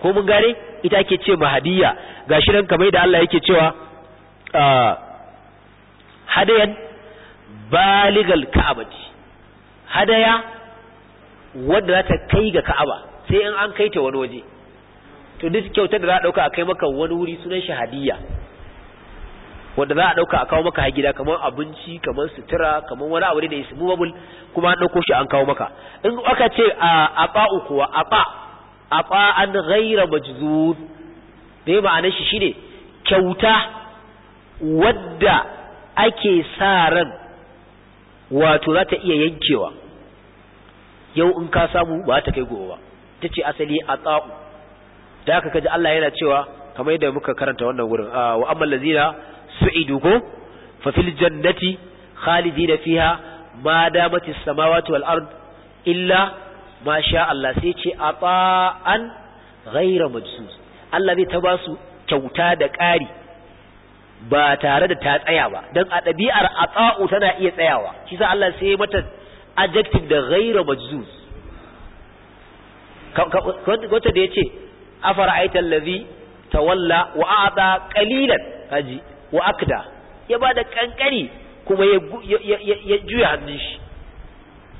ko mun gane ita ake ce ma hadiya ga shi kamar da Allah yake cewa ah, hadayan baligal ka'abati hadaya wadda za ta kai ga ka'aba sai in an kai ta wani waje to duk kyautar da za a dauka a kai maka wani wuri sunan shahadiyya wanda za a dauka a kawo maka gida kamar abinci kamar sutura kamar wani abu da ya mubabul kuma an dauko shi an kawo maka in aka ce a aba'u kuwa aba aba an ghaira majzud bai ma'anar shi shine kyauta wadda ake sa ran wato za ta iya yankewa yau in ka samu ba ta kai gowa. ba ta ce asali a tsa'u da aka kaji Allah yana cewa kamar yadda muka karanta wannan wurin wa amma lazina su'idu ko fa fil jannati khalidina fiha ma damatis samawati wal ard illa ma sha Allah sai ce ata'an ghaira majsus Allah zai ta ba su kyauta da ƙari ba tare da ta tsaya ba dan a ɗabi'ar atsa'u tana iya tsayawa shi sa Allah sai mata adjective da ghaira majsus wata da yace afara'aita allazi tawalla wa a'ta qalilan kaji wa akda ya bada kankani kuma ya juya hannun shi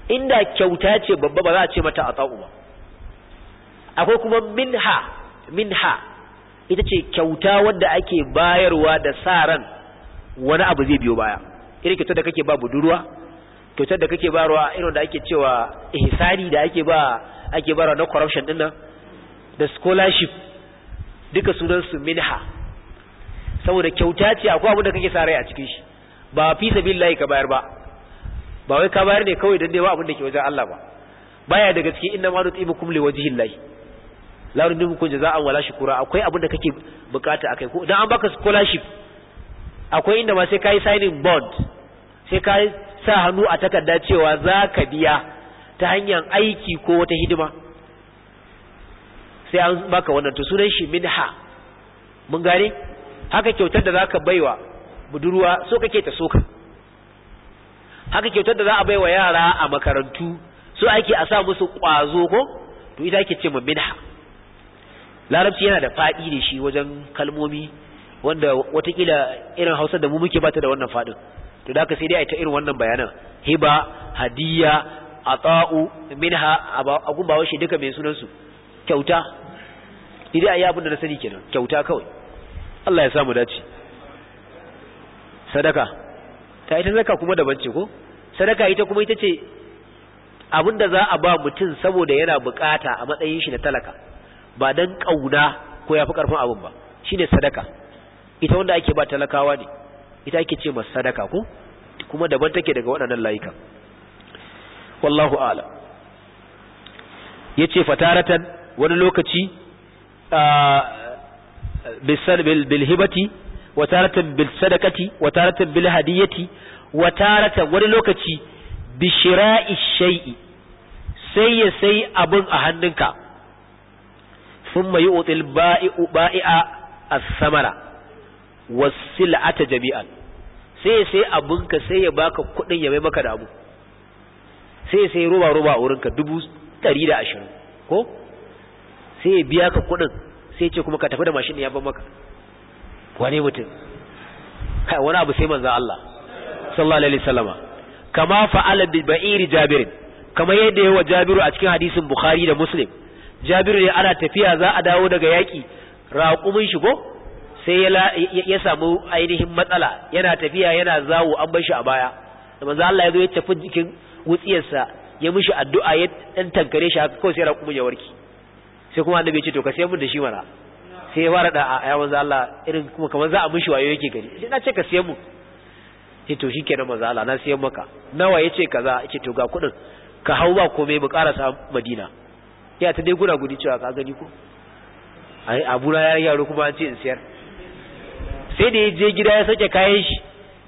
inda kyauta ce babba ba za a ce mata a ba akwai kuma minha minha ita ce kyauta wadda ake bayarwa da sa ran wani abu zai biyo baya irin kyautar da kake ba budurwa kyautar da kake bayarwa irin da ake cewa ihsani da ake ba ake bayarwa na corruption dinnan. da scholarship duka sunansu minha saboda kyauta ce akwai abu da kake sa rai a cikin shi ba fi sabilillahi ka bayar ba ba wai ka bayar ne kawai dan dai ba abin da ke wajen Allah ba baya daga cikin inna ma li liwajhillahi la nutibukum jaza'an wala shukura akwai abin da kake bukata akai ko dan an baka scholarship akwai inda ma sai kai signing bond sai kai sa hannu a takarda cewa za ka biya ta hanyar aiki ko wata hidima sai an baka wannan to sunan shi minha mun gane haka kyautar da zaka baiwa budurwa so kake ta soka haka kyautar da za a baiwa yara a makarantu so ake a sa musu kwazo ko to ita ake ce ma minha larabci yana da fadi da shi wajen kalmomi wanda watakila irin hausa da mu muke bata da wannan fadin to da haka sai dai a ta irin wannan bayanan hiba hadiya ata'u minha a bawo shi duka mai sunansu kyauta idai a ayi abin da na sani kenan kyauta kawai Allah ya samu dace sadaka ta ita zaka kuma daban ce ko sadaka ita kuma ita ce abin da za a ba mutum saboda yana bukata a matsayin shi na talaka ba dan kauna ko yafi karfin abin ba shine sadaka ita wanda ake ba talakawa ne ita ake ce masa sadaka ko kuma daban take daga waɗannan layukan wallahu a'lam yace fataratan wani lokaci bilhibati wa taratan bilsadakati wa taratan bilhadiyati wa taratan wani lokaci bishira'i shay'i sai ya sai abun a hannunka thumma yu'til ba'i'u ba'i'a as-samara was-sil'ata jami'an sai ya sai abunka sai ya baka kudin ya mai maka da abu sai ya sai roba roba a wurinka dubu ɗari da ashirin ko sai ya biya ka kuɗin sai ya ce kuma ka tafi da mashin ya ban maka wani mutum kai wani abu sai manzo Allah sallallahu alaihi wasallama kama fa'ala bi ba'iri jabir kama yadda yawa jabiru a cikin hadisin bukhari da muslim jabiru ne ana tafiya za a dawo daga yaki raƙumin shigo sai ya samu ainihin matsala yana tafiya yana zawo an bar shi a baya da manzo Allah ya zo ya tafi jikin wutsiyarsa ya mishi addu'a ya dan tankare shi haka kawai sai raƙumin ya warke sai kuma annabi ya ce to ka sayar mun da shi mana sai ya fara da ya manzo Allah irin kuma kamar za a mishi wayo yake gari sai na ce ka sayar mu sai to shikenan manzo Allah na sayar maka nawa yace kaza yace to ga kudin ka hau ba komai mu karasa Madina ya ta dai gura gudi cewa ka gani ko ai abura ya yaro kuma an ce in sayar sai da ya je gida ya sake kayan shi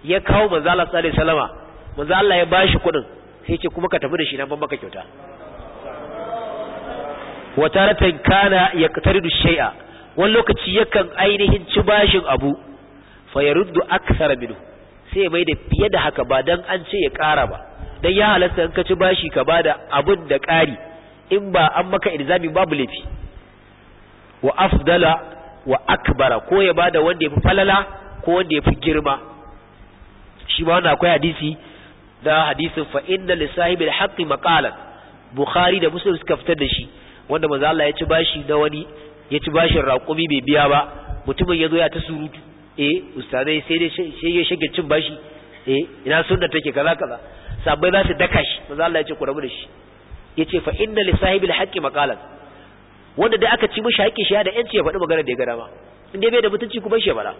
ya kawo manzo Allah sallallahu alaihi wasallama manzo Allah ya bashi kudin sai ce kuma ka tafi da shi nan ban baka kyauta wa taratan kana ya da shay'a wani lokaci yakan ainihin ci bashin abu fa yaruddu akthara minhu sai mai da fiye da haka ba dan an ce ya kara ba dan ya halatta in ka ci bashi ka bada abun da ƙari in ba an maka ilzami babu laifi wa afdala wa akbara ko ya bada wanda yafi falala ko wanda yafi girma shi ma wannan akwai hadisi da hadisin fa inna li sahibil haqqi maqalan bukhari da muslim suka fitar da shi wanda manzo Allah ya ci bashi da wani ya ci bashin raƙumi bai biya ba mutumin ya zo ya ta surutu eh ustazai sai dai sai ya shige cin bashi eh ina sunna take kaza kaza sabai za su daka shi manzo Allah ya ce ku rabu da shi yace fa inna li sahibil haqqi maqalan wanda dai aka ci mishi haƙƙin shi ya da yanci ya faɗi magana da ya ga dama in dai bai da mutunci ku bashi shi bara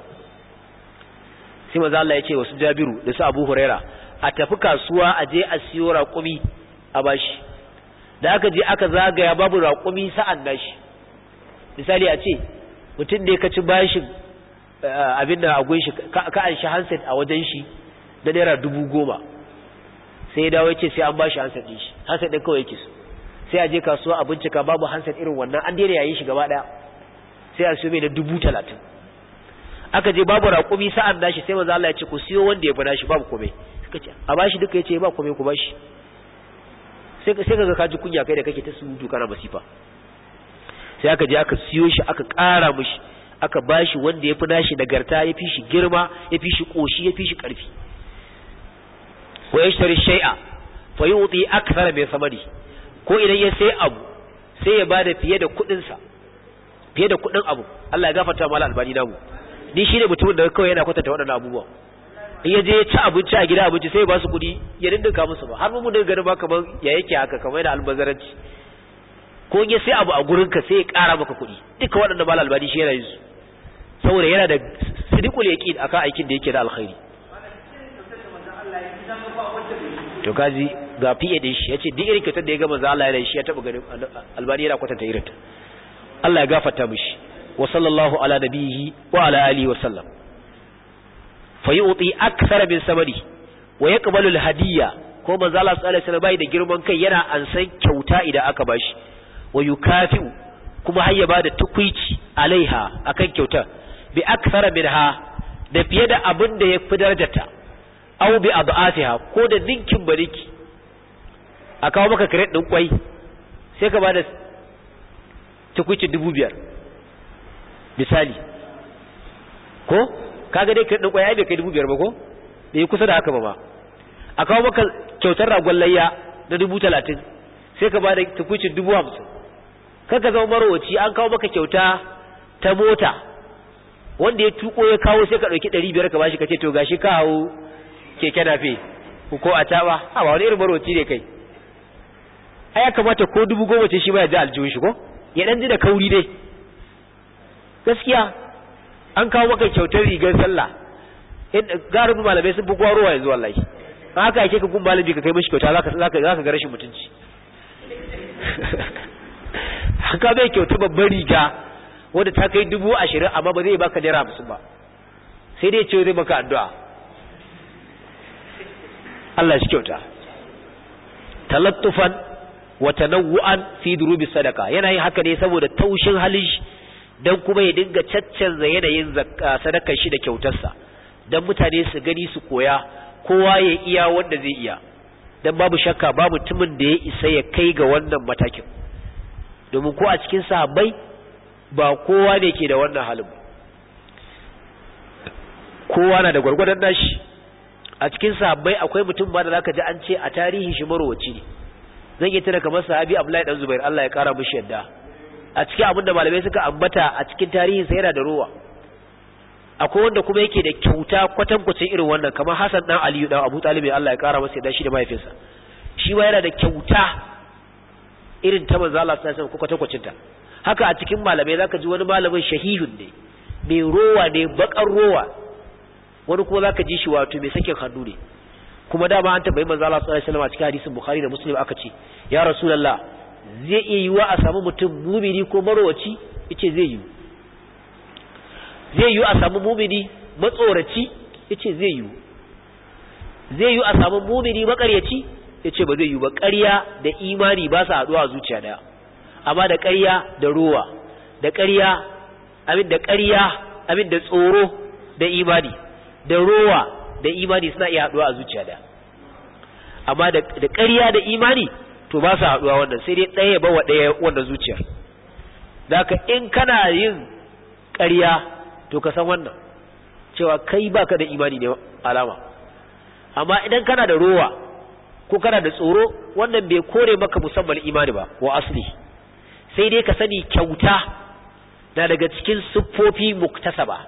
sai manzo Allah ya ce wasu Jabiru da su Abu Huraira a tafi kasuwa a je a siyo raƙumi a bashi da aka je aka zagaya babu raƙumi sa'an nashi misali a ce mutum ne ka ci bashin eh, abin da agun shi ka an shi handset a wajen shi da naira dubu goma sai ya dawo ya ce sai an bashi hanset ɗin shi hanset ɗin kawai yake sai a je kasuwa a bincika babu hanset irin wannan an daina yayin shi gaba ɗaya sai a siyo mai na dubu talatin aka je babu raƙumi sa'an nashi sai maza Allah ya ce ku siyo wanda ya fi nashi babu komai suka ce a bashi duka ya ce ba komai ku bashi sai ka ga kaji kunya kai da kake ta surutu kana masifa sai aka je aka siyo shi aka ƙara mishi aka bashi wanda ya fi nashi nagarta ya fi shi girma ya fi shi ƙoshi ya fi shi ƙarfi wa yashtari shay'a fa yuti akthar min samari ko idan ya sai abu sai ya bada fiye da kuɗin sa fiye da kudin abu Allah ya gafarta mala albani namu ni shine mutumin da kawai yana kwatanta waɗannan abubuwa ya je ya ci abinci a gida abinci sai ba su kuɗi ya dindinka musu ba har mu da ganin ba kamar ya yake haka kamar yana albazaranci ko ya sai abu a gurin ka sai ya ƙara maka kuɗi duka waɗanda ba albani shi yana yin su saboda yana da sidiqul yaqin aka aikin da yake da alkhairi to kaji ga fiye da shi yace duk irin kyautar da ya ga manzo Allah rai shi ya taɓa ganin albani yana kwatanta irin ta Allah ya gafarta mishi wa sallallahu ala nabiyhi wa ala alihi wa sallam fa aksara akthara min samari wa yaqbalu al ko manzo Allah sallallahu alaihi wasallam bai da girman kai yana ansan kyauta idan aka bashi wa yukafi'u kuma har ya bada tukuici alaiha akan kyauta bi aksara minha da fiye da abin da ya fi darajarta aw bi ad'afiha ko da ninkin bariki a kawo maka kiret din kwai sai ka bada tukuici dubu biyar misali ko kaga dai kiran kwaya bai kai dubu biyar ba ko bai kusa da haka ba ba a kawo maka kyautar ragon layya na dubu talatin sai ka ba da tukucin dubu hamsin kaka zama marowaci an kawo maka kyauta ta mota wanda ya tuko ya kawo sai ka ɗauki ɗari biyar ka bashi ka ce to gashi ka hawo keke nafe ko a taɓa a ba wani irin marowaci ne kai a ya kamata ko dubu goma ce shi ba ya ji aljihun shi ko ya dan ji da kauri dai gaskiya an kawo maka kyautar rigar sallah garibin malamai sun fi kowa yanzu wallahi ba haka yake ka gun malami ka kai mashi kyauta za ka ga rashin mutunci <laughs> haka bai kyauta babban riga wadda ta kai dubu ashirin amma ba zai baka naira hamsin ba sai dai ce zai maka addu'a Allah shi kyauta talattufan wa tanawwu'an fi durubi sadaka yana yin haka ne saboda taushin halin shi don kuma ya dinga caccanza yanayin sadakar shi da kyautarsa don mutane su gani su koya kowa ya iya wanda zai iya don babu shakka babu mutumin da ya isa ya kai ga wannan matakin domin ko a cikin sahabbai ba kowa ne ke da wannan halin ba kowa na da gwargwadon nashi a cikin sahabbai akwai mutum ba da zaka ji an ce a tarihin shi marowaci ne zan iya tana kamar sahabi Abdullahi dan Zubair Allah ya kara mushi yadda a cikin abin da malamai suka ambata a cikin tarihin sa yana da ruwa akwai wanda kuma yake da kyauta kwatankwacin irin wannan kamar Hassan dan Aliyu dan Abu Talib Allah ya kara masa da shi da mahaifinsa shi ma yana da kyauta irin ta manzo Allah sallallahu alaihi wasallam kwatankwacin ta haka a cikin malamai zaka ji wani malamin shahihun ne mai rowa ne bakar rowa wani kuma zaka ji shi wato mai sakin hannu ne kuma dama an tabbai manzo Allah sallallahu alaihi wasallam a cikin hadisin Bukhari da Muslim aka ce ya Rasulullah zai iya wa a samu mutum mumini ko marowaci yace zai yi zai yi a samu mumini matsoraci yace zai yi zai yi a samu mumini makaryaci yace ba zai yi ba ƙarya da imani ba su haɗuwa a zuciya daya amma da ƙarya da ruwa da ƙarya abin da ƙarya abin da tsoro da imani da ruwa, da imani suna iya haɗuwa a zuciya daya amma da ƙarya da imani to ba su haɗuwa wannan sai dai ɗaya ba wa ɗaya wannan zuciyar ka in kana yin ƙarya to ka san wannan cewa kai ba ka da imani ne alama amma idan kana da rowa ko kana da tsoro wannan bai kore maka musamman imani ba wa asli sai dai ka sani kyauta na daga cikin siffofi muktasaba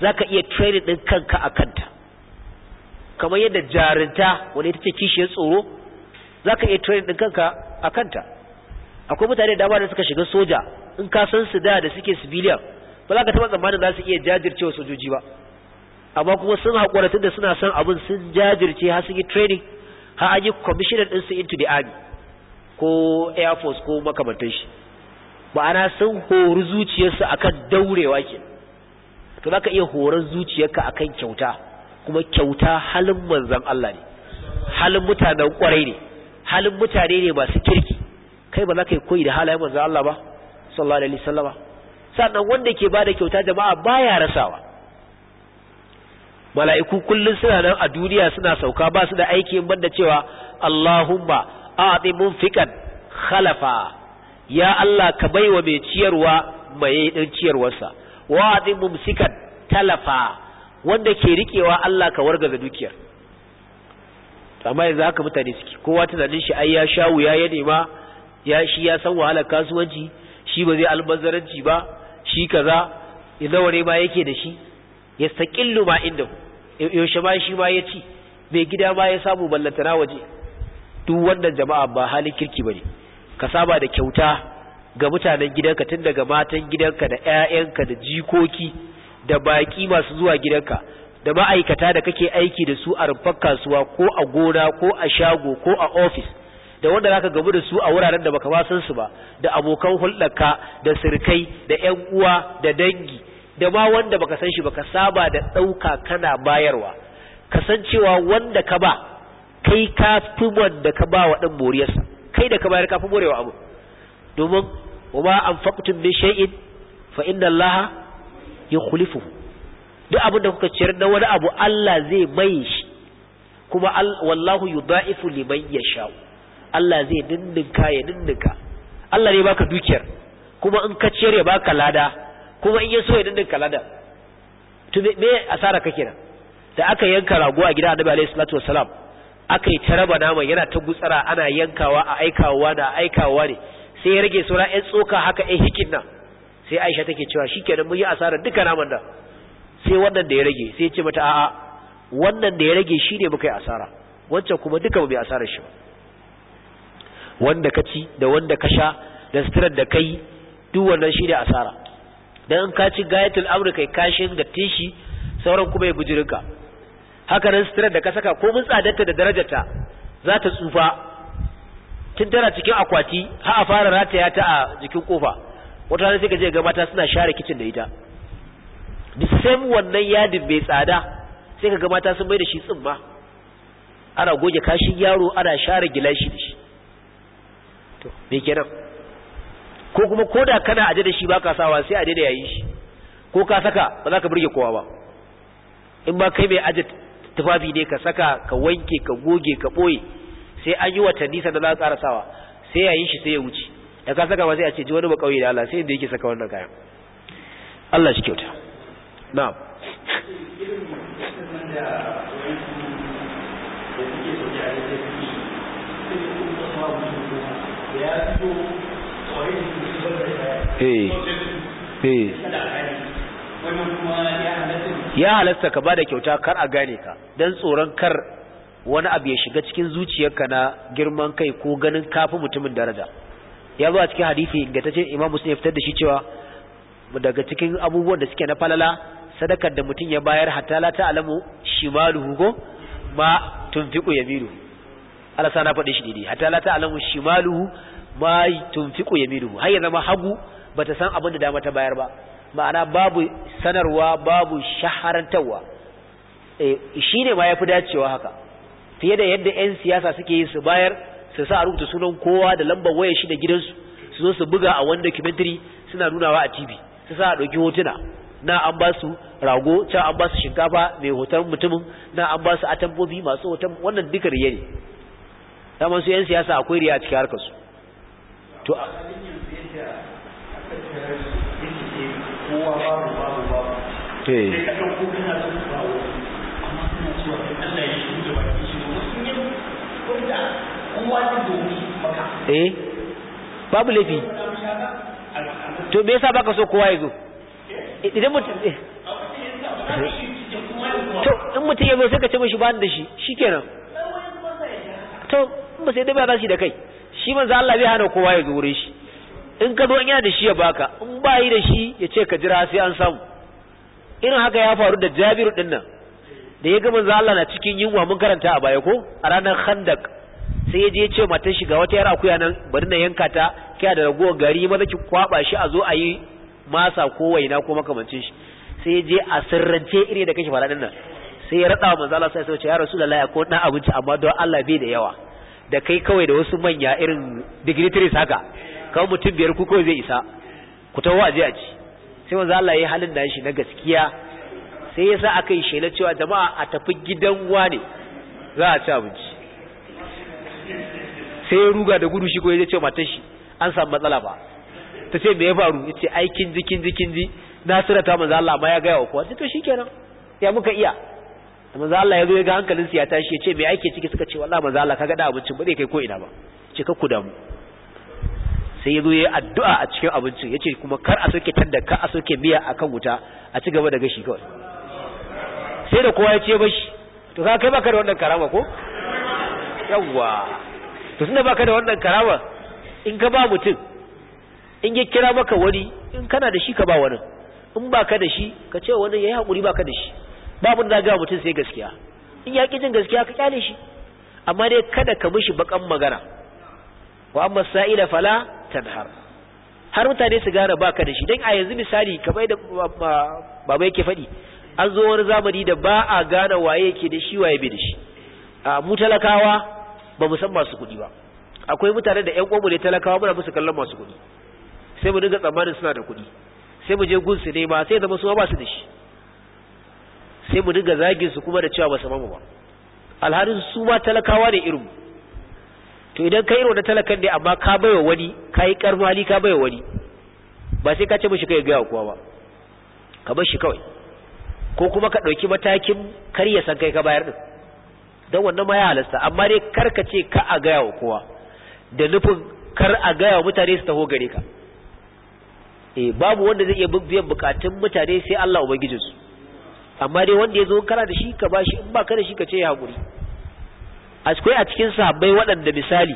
ka iya training ɗin kanka a kanta kamar yadda jarinta wani ita ce kishiyar tsoro za ka iya turai ɗin kanka a kanta akwai mutane dama da suka shiga soja in ka san su da suke civilian ba za ka taɓa tsammanin za su iya jajircewa sojoji ba amma kuma sun haƙura tun da suna son abin sun jajirce har sun yi training har an yi commissioner su into the army ko air force ko makamantan shi ma'ana sun hori zuciyarsu akan daurewa ke to za ka iya horon zuciyarka akan kyauta kuma kyauta halin manzan Allah ne halin mutanen kwarai ne halin mutane ne masu kirki kai ba za ka yi koyi da halayen manzan Allah ba sallallahu alaihi wasallama sannan wanda ke bada kyauta jama'a baya rasawa mala'iku kullun suna nan a duniya suna sauka ba su da aiki ban da cewa Allahumma a'ti munfiqan khalafa ya Allah ka baiwa mai ciyarwa mai din ciyarwarsa wa a'ti mumsikan talafa wanda ke rikewa Allah ka wargaza dukiyar amma yanzu haka mutane suke kowa tunanin shi ai ya sha wuya ya nema ya shi ya san wahalar kasuwanci shi ba zai albazaranci ba shi kaza ya ne ma yake da shi ya saƙillu ma inda yaushe ma shi ma ya ci mai gida ma ya samu ballantana waje duk wannan jama'a ba halin kirki ba ne. ka saba da kyauta ga mutanen gidanka tun daga matan gidanka da 'ya'yanka da jikoki da baƙi masu zuwa gidanka da ma'aikata da kake aiki da su a rufar kasuwa ko a gona ko a shago ko a ofis da wanda zaka gabu da su a wuraren da baka ba san su ba da abokan hulɗaka, da sirkai da 'yan uwa da dangi da ma wanda baka san shi baka saba da ɗauka kana bayarwa kasancewa wanda ka ba kai ka fi wanda ka ba wa ɗan moriyarsa kai da ka bayar ka fi morewa abu domin wa ma anfaqtum min shay'in fa inna allaha yukhlifuhu duk abin da kuka ciyar da wani abu Allah zai mai shi kuma wallahu yudaifu liman yasha Allah zai dindinka ya dindinka Allah ne baka dukiyar kuma in ka ciyar ya baka lada kuma in ya so ya dindinka lada to me asara kake nan da aka yanka rago a gidan Annabi alaihi salatu wasalam aka yi taraba naman yana ta gutsara ana yankawa a aikawa da aikawa ne sai ya rage saura ƴan tsoka haka ƴan hikin nan sai Aisha take cewa shikenan mun yi asara duka naman nan. sai wannan da ya rage sai ya ce mata a'a wannan da ya rage shine muka yi asara wancan kuma duka ba mai asarar shi ba wanda ka ci da wanda ka sha da sitirar da kai duk wannan shi ne asara dan in ka ci gayatul amri kai kashin da tishi sauran kuma ya gujirinka haka nan sitirar da ka saka ko mun tsadarta da darajarta za ta tsufa tun tana cikin akwati har a fara rataya ta a jikin kofa wata sai ka je ga mata suna share kicin da ita the same wannan yadin bai tsada sai ka ga mata sun bai da shi tsumma ana goge kashin yaro ana share gilashi da shi to me kenan ko kuma koda kana aje da shi baka sawa sai aje da yayi shi ko ka saka ba za ka burge kowa ba in ba kai mai aje tufafi ne ka saka ka wanke ka goge ka boye sai an yi watanni sannan za ka ƙara sawa sai yayi shi sai ya wuce da ka saka ba sai a ce ji wani ba kauye da Allah sai inda yake saka wannan kayan Allah shi kyauta na'am eh, eh. ya halatta ka ba da kyauta kar a gane ka don tsoron kar wani abu ya shiga cikin zuciyarka na girman kai ko ganin kafin mutumin daraja ya cikin hadithi cikin ta ce imam muslim ya fitar da shi cewa daga cikin abubuwan da suke na falala sadakar da mutum ya bayar hatta la ta'lamu shimaluhu go ma tunfiqu yaminuhu Allah sa na faɗi shi dai-dai hatta la ta'lamu shimaluhu ma tunfiqu yaminuhu har ya zama hagu bata san abin da dama ta bayar ba ma'ana babu sanarwa babu shaharantarwa eh ne ma yafi dacewa haka fiye da yadda ƴan siyasa suke yi su bayar su sa a rubuta sunan kowa da lambar wayar shi da gidansu su zo su buga a wani documentary suna nunawa a TV su sa a ɗauki hotuna na an ba su rago can an ba su shinkafa mai hoton mutumin na an ba su atambobi masu hoton wannan duka riya ne daman su 'yan siyasa akwai riya a cikin harkar su to eh. Eh. eh babu laifi to me yasa baka so kowa ya zo idan mutum eh. to in mutum ya zo sai ka ce mishi bani da shi shikenan to ba sai dai ba za shi da kai shi manzo Allah bai hana kowa ya zo wurin shi in ka zo yana da shi ya baka in ba yi da shi ya ce ka jira sai an samu irin haka ya faru da Jabiru din nan da ya ga manzo Allah na cikin yunwa mun karanta a baya ko a ranar Khandaq sai ya je ya ce mata shi ga wata yar akuya nan bari na yanka ta kiya da ragowar gari maza ki kwaba shi a zo a yi masa ko waina ko makamancin shi sai je a sirrance ire da kake fara dinnan sai ya rada manzo Allah sai ya ce ya rasulullahi akwai dan abinci amma don Allah bai da yawa da kai kawai da wasu manya irin dignitaries haka kawai mutum biyar ku kawai zai isa ku tawo aje a ci sai manzo Allah yayi halin da shi na gaskiya sai ya sa aka shela cewa jama'a a tafi gidan wane za a ci abinci sai ya ruga da gudu shi ko ya ce matar shi an samu matsala ba ta ce me ya faru ya ce aikin jikin jikin ji na ji ta manzo Allah ma ya ga yawa kuwa to shikenan ya muka iya manzo Allah ya zo ya ga hankalin su ya tashi ce me ake ciki suka ce wallahi manzo Allah kaga da abincin ba kai ko ina ba ce ka ku damu sai ya zo ya addu'a a cikin abincin Ya ce kuma kar a soke tanda kar a soke miya akan wuta a ci gaba da gashi kawai sai da kowa ya ce bashi to ka kai baka da wannan karama ko yawwa to tunda baka da wannan karama in ka ba mutum in ya kira maka wani in kana da shi ka ba wani in ba ka da shi ka ce wani ya yi haƙuri ba ka da shi babu da ga mutum sai gaskiya in ya ƙi jin gaskiya ka kyale shi amma dai kada ka mishi bakan magana wa amma sa'ila fala tadhar har mutane su gara baka da shi dan a yanzu misali ka bai da baba yake faɗi an zo wani zamani da ba a gane waye yake da shi waye bai da shi a mu talakawa ba mu san masu kuɗi ba akwai mutane da ƴan uwanmu ne talakawa muna musu kallon masu kuɗi sai mu dinga tsammanin suna da kuɗi sai mu je su ne ba sai zama su ba su da shi sai mu dinga zagin su kuma da cewa ba su mamu ba alhalin su ma talakawa ne irin to idan ka irin wani talakan ne amma ka baiwa wani ka yi karfin hali ka baiwa wani ba sai ka ce mishi kai gaya kowa ba ka bar shi kawai ko kuma ka ɗauki matakin kar ya san kai ka bayar din don wannan ma ya halasta amma dai kar ka ce ka a gaya wa kowa da nufin kar a gaya wa mutane su taho gare ka eh babu wanda zai iya biyan bukatun mutane sai Allah su. amma dai wanda ya zo kana da shi ka bashi in baka da shi ka ce ya hakuri cikin a cikin sahabbai waɗanda misali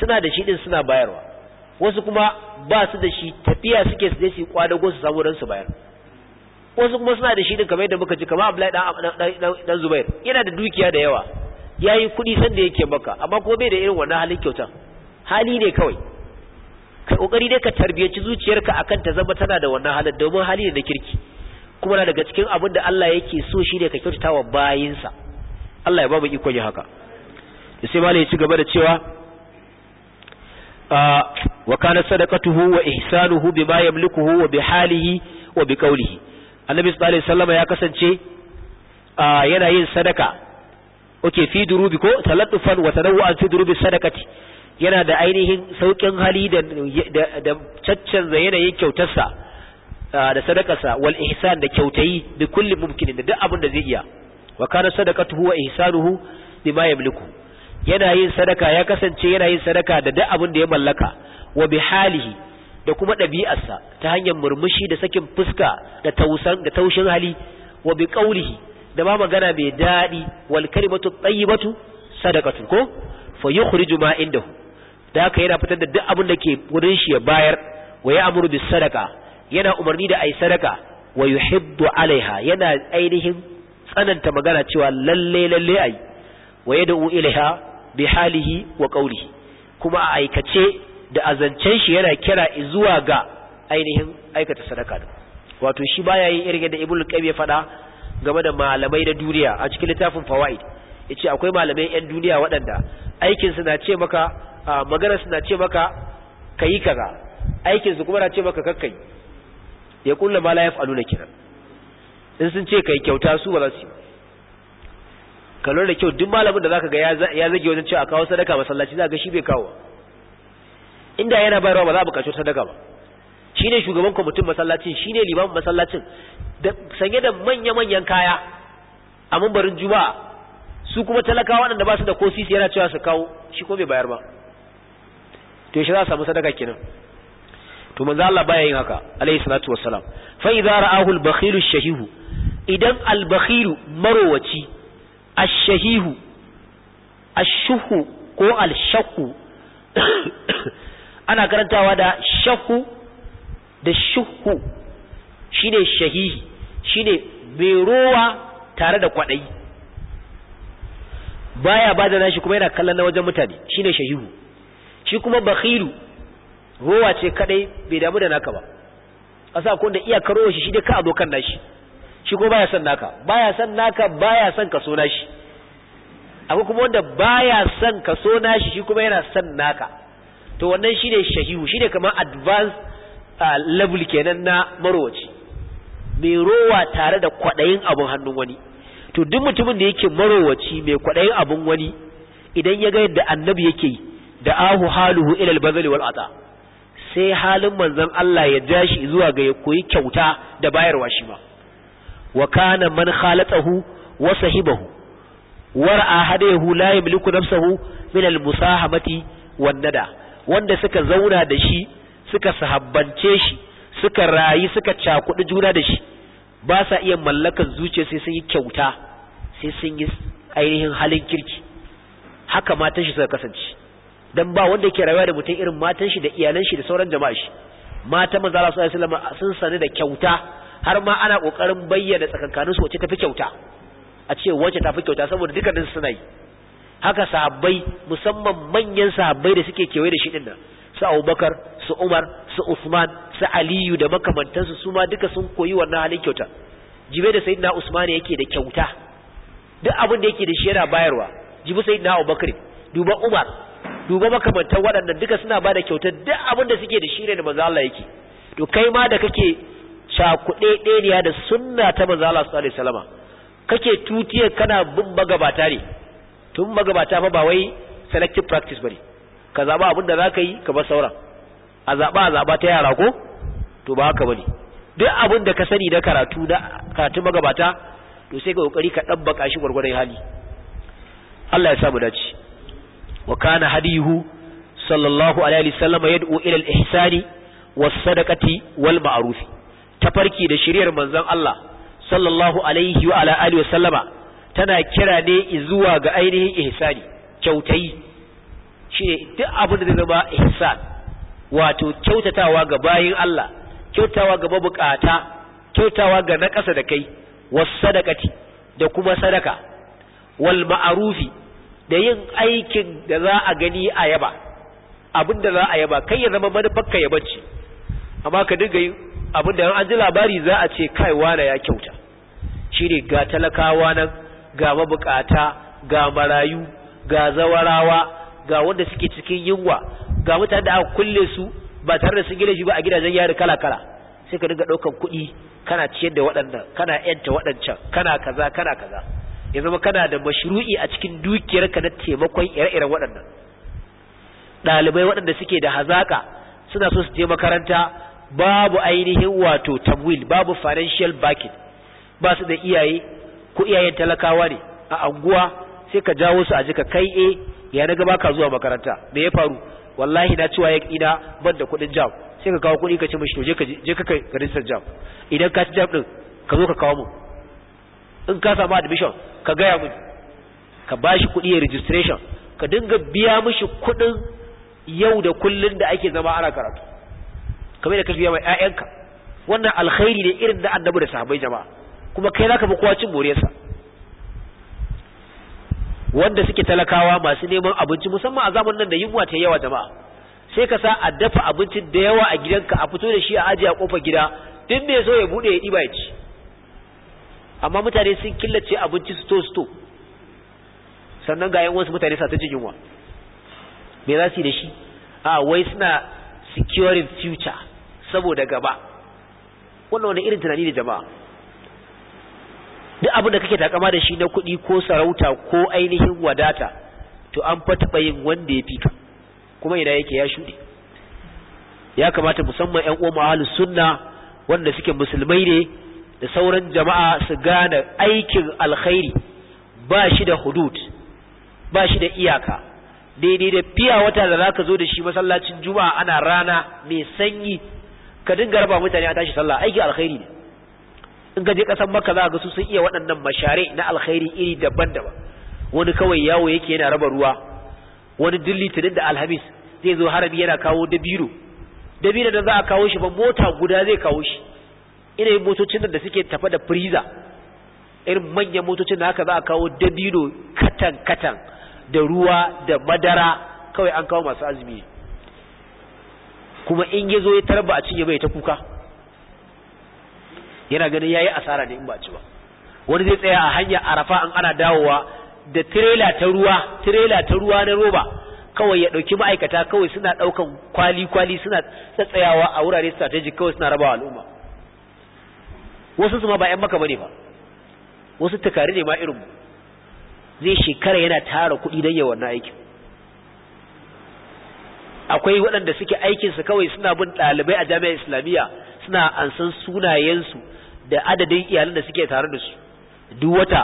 suna da shi din suna bayarwa wasu kuma ba su da shi tafiya suke su je su kwadago su samu su bayar wasu kuma suna da shi din kamar yadda muka ji kamar Abdullahi dan dan Zubair yana da dukiya da yawa yayi kudi san da yake maka amma ko bai da irin wannan halin kyauta hali ne kawai kai kokari dai ka tarbiyaci zuciyarka akan ta zama tana da wannan halin domin hali ne na kirki kuma na daga cikin abin da Allah yake so shi ne ka kyautata wa bayinsa Allah ya ba mu iko yin haka sai malai ya ci gaba da cewa ah, wa kana sadaqatuhu wa ihsanuhu bima yamlikuhu wa bihalihi wa biqawlihi annabi sallallahu alaihi wasallam ya kasance ah, yana yin sadaka oke fi durubi ko talatufan wa tanawwa'an fi durubi sadaqati yana da ainihin saukin hali da da caccanza yanayin kyautarsa da sadakarsa wal ihsan da kyautayi bi kulli mumkin da duk abin da zai iya wa kana sadaqatuhu wa ihsanuhu bima yamliku yana yin sadaka ya kasance yana yin sadaka da duk abin da ya mallaka wa bi halihi da kuma ɗabi'arsa ta hanyar murmushi da sakin fuska da tausan da taushin hali wa bi qawlihi da ma magana bai daɗi wal kalimatu tayyibatu sadaqatu ko fa yukhriju ma indahu da haka yana fitar da duk abin da ke wurin shi ya bayar wa ya amuru bis sadaka yana umarni da ai sadaka wa yuhibbu alaiha yana ainihin tsananta magana cewa lalle lalle ai wa yad'u ilaiha bi halihi wa qawlihi kuma a aikace da azancen shi yana kira zuwa ga ainihin aikata sadaka wato shi baya yin irin da ibnu qayyim ya faɗa game da malamai da duniya a cikin littafin fawaid yace akwai malamai yan duniya waɗanda aikin su na ce maka magana suna ce maka yi kaza aikin su kuma na ce maka kakkai ya kulla ma la na kiran in sun ce kai kyauta su ba za su yi kalon da kyau duk malamin da zaka ga ya zage wajen cewa kawo sadaka masallaci za ga shi bai kawo inda yana bayarwa ba za a bukaci sadaka ba shine shugaban kwamitin masallacin shine liman masallacin sanye da manya-manyan kaya a mambarin juma'a su kuma talakawa waɗanda ba su da ko yana cewa su kawo shi ko bai bayar ba to shi za su samu sadaka kenan to manzo Allah baya yin haka alayhi salatu wassalam fa idza ra'ahu al-bakhilu shahihu idan al-bakhilu marowaci ash-shahihu ash-shuhu ko al-shaqu <coughs> ana karantawa da shahu da shuhu shine shahihi shine berowa tare da kwaɗayi baya bada nashi kuma yana kallon na wajen mutane shine shahihu shi kuma bakhilu rowa ce kadai bai damu da naka ba asa ko da iya karo shi shi dai ka azo kan nashi shi ko baya son naka baya san naka baya san ka so nashi akwai kuma wanda baya san ka so nashi shi kuma yana san naka to wannan shi ne shahihu shi ne kamar advanced level kenan na marowaci mai rowa tare da kwadayin abun hannun wani to duk mutumin da yake marowaci mai kwaɗayin abun wani idan ya ga yadda annabi yake yi da ahu haluhu ila albazal wal ata sai halin manzon Allah ya jashi zuwa ga ya koyi kyauta da bayarwa shi ma wa kana man khalatahu wa sahibahu ra'a hadayahu la yamliku nafsahu min almusahamati wan nada wanda suka zauna da shi suka sahabbance shi suka rayi suka cakuɗi juna da shi ba sa iya mallakar zuciya sai sun yi kyauta sai sun yi ainihin halin kirki haka matan shi suka kasance dan ba wanda yake rayuwa da mutum irin matan shi da iyalan shi da sauran jama'a shi mata manzo Allah sallallahu alaihi wasallam sun sani da kyauta har ma ana kokarin bayyana tsakankanin su wace tafi kyauta a ce wacce tafi kyauta saboda dukkanin su suna yi haka sahabbai musamman manyan sahabbai da suke kewaye da shi dinnan su Abubakar su Umar su Usman su Aliyu da makamantansu su ma duka sun koyi wannan halin kyauta jibe da sayyidina Usman yake da kyauta duk abin da yake da shi yana bayarwa jibi sayyidina Abubakar duba Umar duba makamantan waɗannan duka suna ba da kyautar duk abin da suke da shi ne da manzo Allah yake to kai ma da kake cakuɗe ɗaya da sunna ta maza Allah sallallahu alaihi salama kake tutiya kana bin magabata ne tun magabata fa ba wai selective practice ba ne ka zaɓa abin da ka yi ka bar sauran a zaɓa a zaɓa ta yara ko to ba haka ne duk abin da ka sani na karatu da karatu magabata to sai ka kokari ka dabbaka shi gurgurdan hali Allah ya sa mu dace wa kana hadiyuhu sallallahu alaihi wasallam yad'u ila al-ihsani was-sadaqati wal-ma'ruf tafarki da shiriyar manzon Allah sallallahu alaihi wa ala alihi wasallama tana kira ne zuwa ga ainihin ihsani kyautai shi ne duk abin da zama ihsan wato kyautatawa ga bayin Allah kyautawa ga mabukata kyautawa ga na ƙasa da kai was sadaqati da kuma sadaka wal ma'rufi da yin aikin da za a gani a yaba abin da za a yaba kai ya zama manufarka ya bacci amma ka dinga yi abin da an ji labari za a ce kai wane ya kyauta shi ne ga talakawa nan ga mabukata ga marayu ga zawarawa ga wanda suke cikin yunwa ga mutane da aka kulle su ba tare da sun gina shi ba a gidajen yari kala-kala sai ka dinga ɗaukan kuɗi kana ciyar da waɗannan kana yanta waɗancan kana kaza kana kaza ya zama kana da mashru'i a cikin dukiyar ka na taimakon ire ire waɗannan ɗalibai waɗanda suke da hazaka suna so su je makaranta babu ainihin wato tamwil babu financial backing ba su da iyaye ko iyayen talakawa ne a anguwa sai ka jawo su a jika kai e ya na gaba ka zuwa makaranta me ya faru wallahi na cewa ya ina ban da kuɗin jam sai ka kawo kuɗi ka ce mashi to je ka je ka kai garin jam idan ka ci jam din ka zo ka kawo mu in ka samu admission ka gaya mu ka ba shi kuɗi ya registration ka dinga biya mishi kuɗin yau da kullun da ake zama ana karatu kamar da ka biya mai ƴaƴanka wannan alkhairi ne irin da annabi da sahabbai jama'a kuma kai zaka bi kowa cin moriyarsa wanda suke talakawa masu neman abinci musamman a zamanin nan da yunwa ta yawa jama'a sai ka sa a dafa abincin da yawa a gidanka a fito da shi a ajiye a kofar gida duk me so ya bude ya diba ya ci amma mutane sun killace abinci sto sto sannan ga yan su mutane sa ta jikin wa me za su yi da shi a wai suna securing future saboda gaba wannan wani irin tunani da jama'a duk abin da kake takama da shi na kuɗi ko sarauta ko ainihin wadata to an fata yin wanda ya fika kuma ina yake ya shuɗe ya kamata musamman 'yan uwan sunna wanda suke musulmai ne da sauran jama'a su gane aikin alkhairi ba shi da hudud ba shi da iyaka daidai da fiya wata da zaka zo da shi masallacin juma'a ana rana mai sanyi ka dinga raba mutane a tashi sallah aikin alkhairi ne in ka je kasan makka za ga su sun iya waɗannan mashare na alkhairi iri daban-daban wani kawai yawo yake yana raba ruwa wani dilli litinin da alhamis zai zo harabi yana kawo dabiro dabiro da za a kawo shi ba mota guda zai kawo shi irin motocin da suke tafa da freezer irin manyan motocin da haka za a kawo dabino katan katan da ruwa da madara kawai an kawo masu azumi kuma in yazo ya tarba a cinye bai ta kuka yana ganin ya asara ne in ba ci ba wani zai tsaya a hanya arafa an ana dawowa da tirela ta ruwa tirela ta ruwa na roba kawai ya ɗauki ma'aikata kawai suna ɗaukan kwali-kwali suna tsayawa a wurare strategic kawai suna rabawa al'umma wasu su ma ba ƴan maka bane ba wasu takari ne ma irin mu. zai shekara yana tara kuɗi don yawan aikin akwai waɗanda suke su kawai suna bin ɗalibai a jami'ar islamiyya suna ansan sunayensu da adadin iyalan da suke tare da su duk wata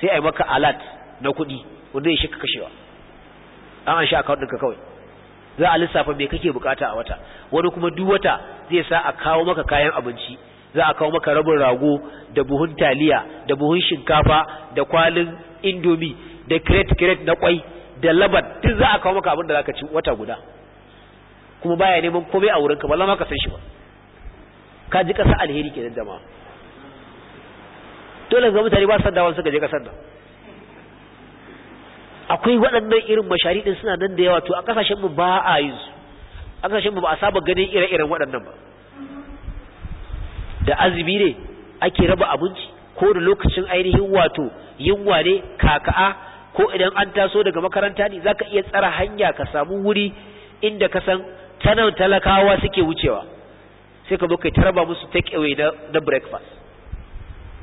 sai a yi maka alat na kuɗi wanda ya shika kashewa an an sha akawun ɗinka kawai za a lissafa mai kake bukata a wata wani kuma duk wata zai sa a kawo maka kayan abinci za a kawo maka rabin rago da buhun taliya da buhun shinkafa da kwalin indomi da crate crate na kwai da laban duk za a kawo maka abin da zaka ci wata guda kuma baya neman komai a wurinka ba lamar ka san shi ba ka ji kasa alheri kenan jama'a dole ga mutane ba san dawon suka je kasar da akwai waɗannan irin mashari din suna nan da yawa to a kasashen mu ba a yin su a kasashen mu ba a saba ganin ire-iren waɗannan ba da azumi ne ake raba abinci ko da lokacin ainihin wato yunwa ne kaka'a ko idan an taso daga makaranta ne zaka iya tsara hanya ka samu wuri inda ka san tanan talakawa suke wucewa sai ka zo kai taraba musu take away na, na breakfast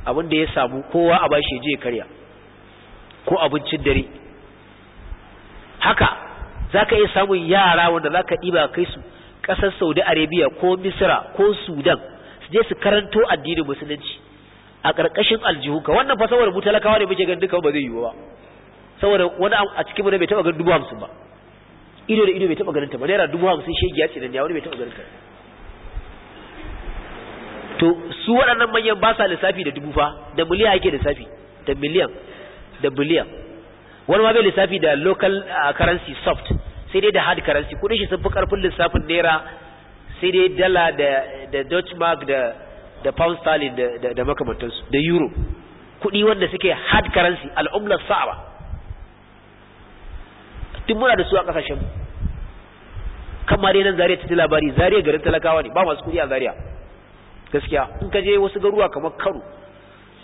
abin da ya samu kowa a bashi je karya ko abincin dare haka zaka iya samun yara wanda zaka ɗiba kai su ƙasar Saudi Arabia ko Misra ko Sudan je su karanto addinin musulunci a ƙarƙashin aljihuka wannan fa saboda mu talakawa ne muke ganin duka ba zai yiwu ba saboda wani a cikin mu bai taba ganin dubu hamsin ba ido da ido bai taba ganin ta ba naira dubu hamsin shegiya ce da wani bai taba ganin ta to su waɗannan manyan ba sa lissafi da dubu fa da miliyan yake lissafi da miliyan da biliyan wani ma bai lissafi da local currency soft sai dai da hard currency kudin shi sun fi karfin lissafin naira sai dai dala da dutch mark da pound sterling da da makamantansu da euro kuɗi wanda suke hard currency al'umlar sa'aba tun muna da su a kasashen kamar dai zariya ta labari zariya garin talakawa ne ba masu kuɗi a zariya gaskiya in ka je wasu garuwa kamar kano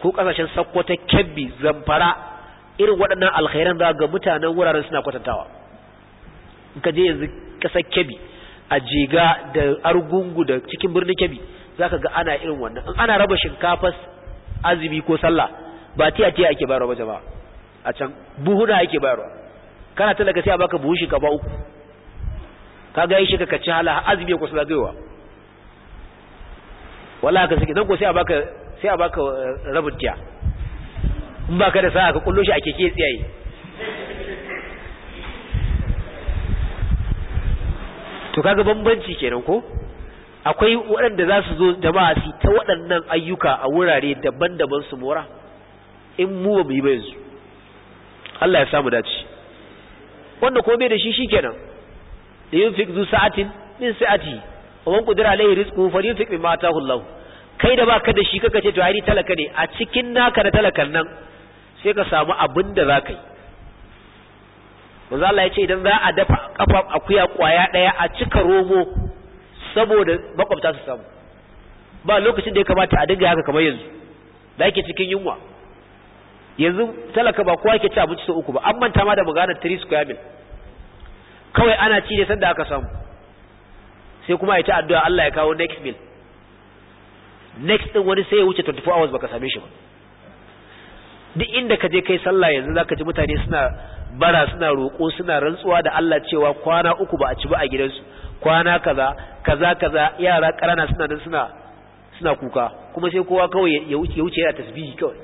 ko ƙasashen sakkwata kebbi zamfara irin waɗannan alkhairan za ga mutanen wuraren suna kwatantawa in ka je yanzu ƙasar kebbi a jiga da argungu da cikin birnin kebi zaka ga ana irin wannan in ana raba shinkafas azumi ko sallah ba tiya tiya ake bayarwa ba jama'a a can buhuna ake bayarwa kana talaka sai a baka buhun shinkafa uku kaga yi shiga kaci hala azumi ko sallah gaiwa wala ka saki dan ko sai a baka sai a baka eh, rabin tiya in baka da sa'a ka kullo shi a keke tsiyaye to kaga bambanci kenan ko akwai waɗanda za su zo jama'a su ta waɗannan ayyuka a wurare daban-daban su mora in mu ba mu yi ba yanzu Allah ya samu dace wanda ko bai da shi shikenan da yin fiqzu sa'atin min sa'ati wa man alayhi rizqu fa yunfiq bima ataahu Allah kai da baka da shi kaka ce to ai talaka ne a cikin naka da talakan nan sai ka samu abin da ka yi manzo Allah ya ce idan za a dafa kafa akuya kwaya daya a cika romo saboda makwabta su samu ba lokacin da ya kamata a dinga haka kamar yanzu da yake cikin yunwa yanzu talaka ba kowa yake ci abinci sau uku ba an manta ma da maganar 3 square meal kawai ana ci ne sanda aka samu sai kuma ya ta addu'a Allah ya kawo next meal next din wani sai ya wuce 24 hours baka same shi ba duk inda ka je kai sallah yanzu zaka ji mutane suna bara suna roƙo suna rantsuwa da Allah cewa kwana uku ba a ci ba a gidansu kwana kaza kaza kaza yara ƙarana suna nan suna suna kuka kuma sai kowa kawai ya wuce ya wuce yana tasbihi kawai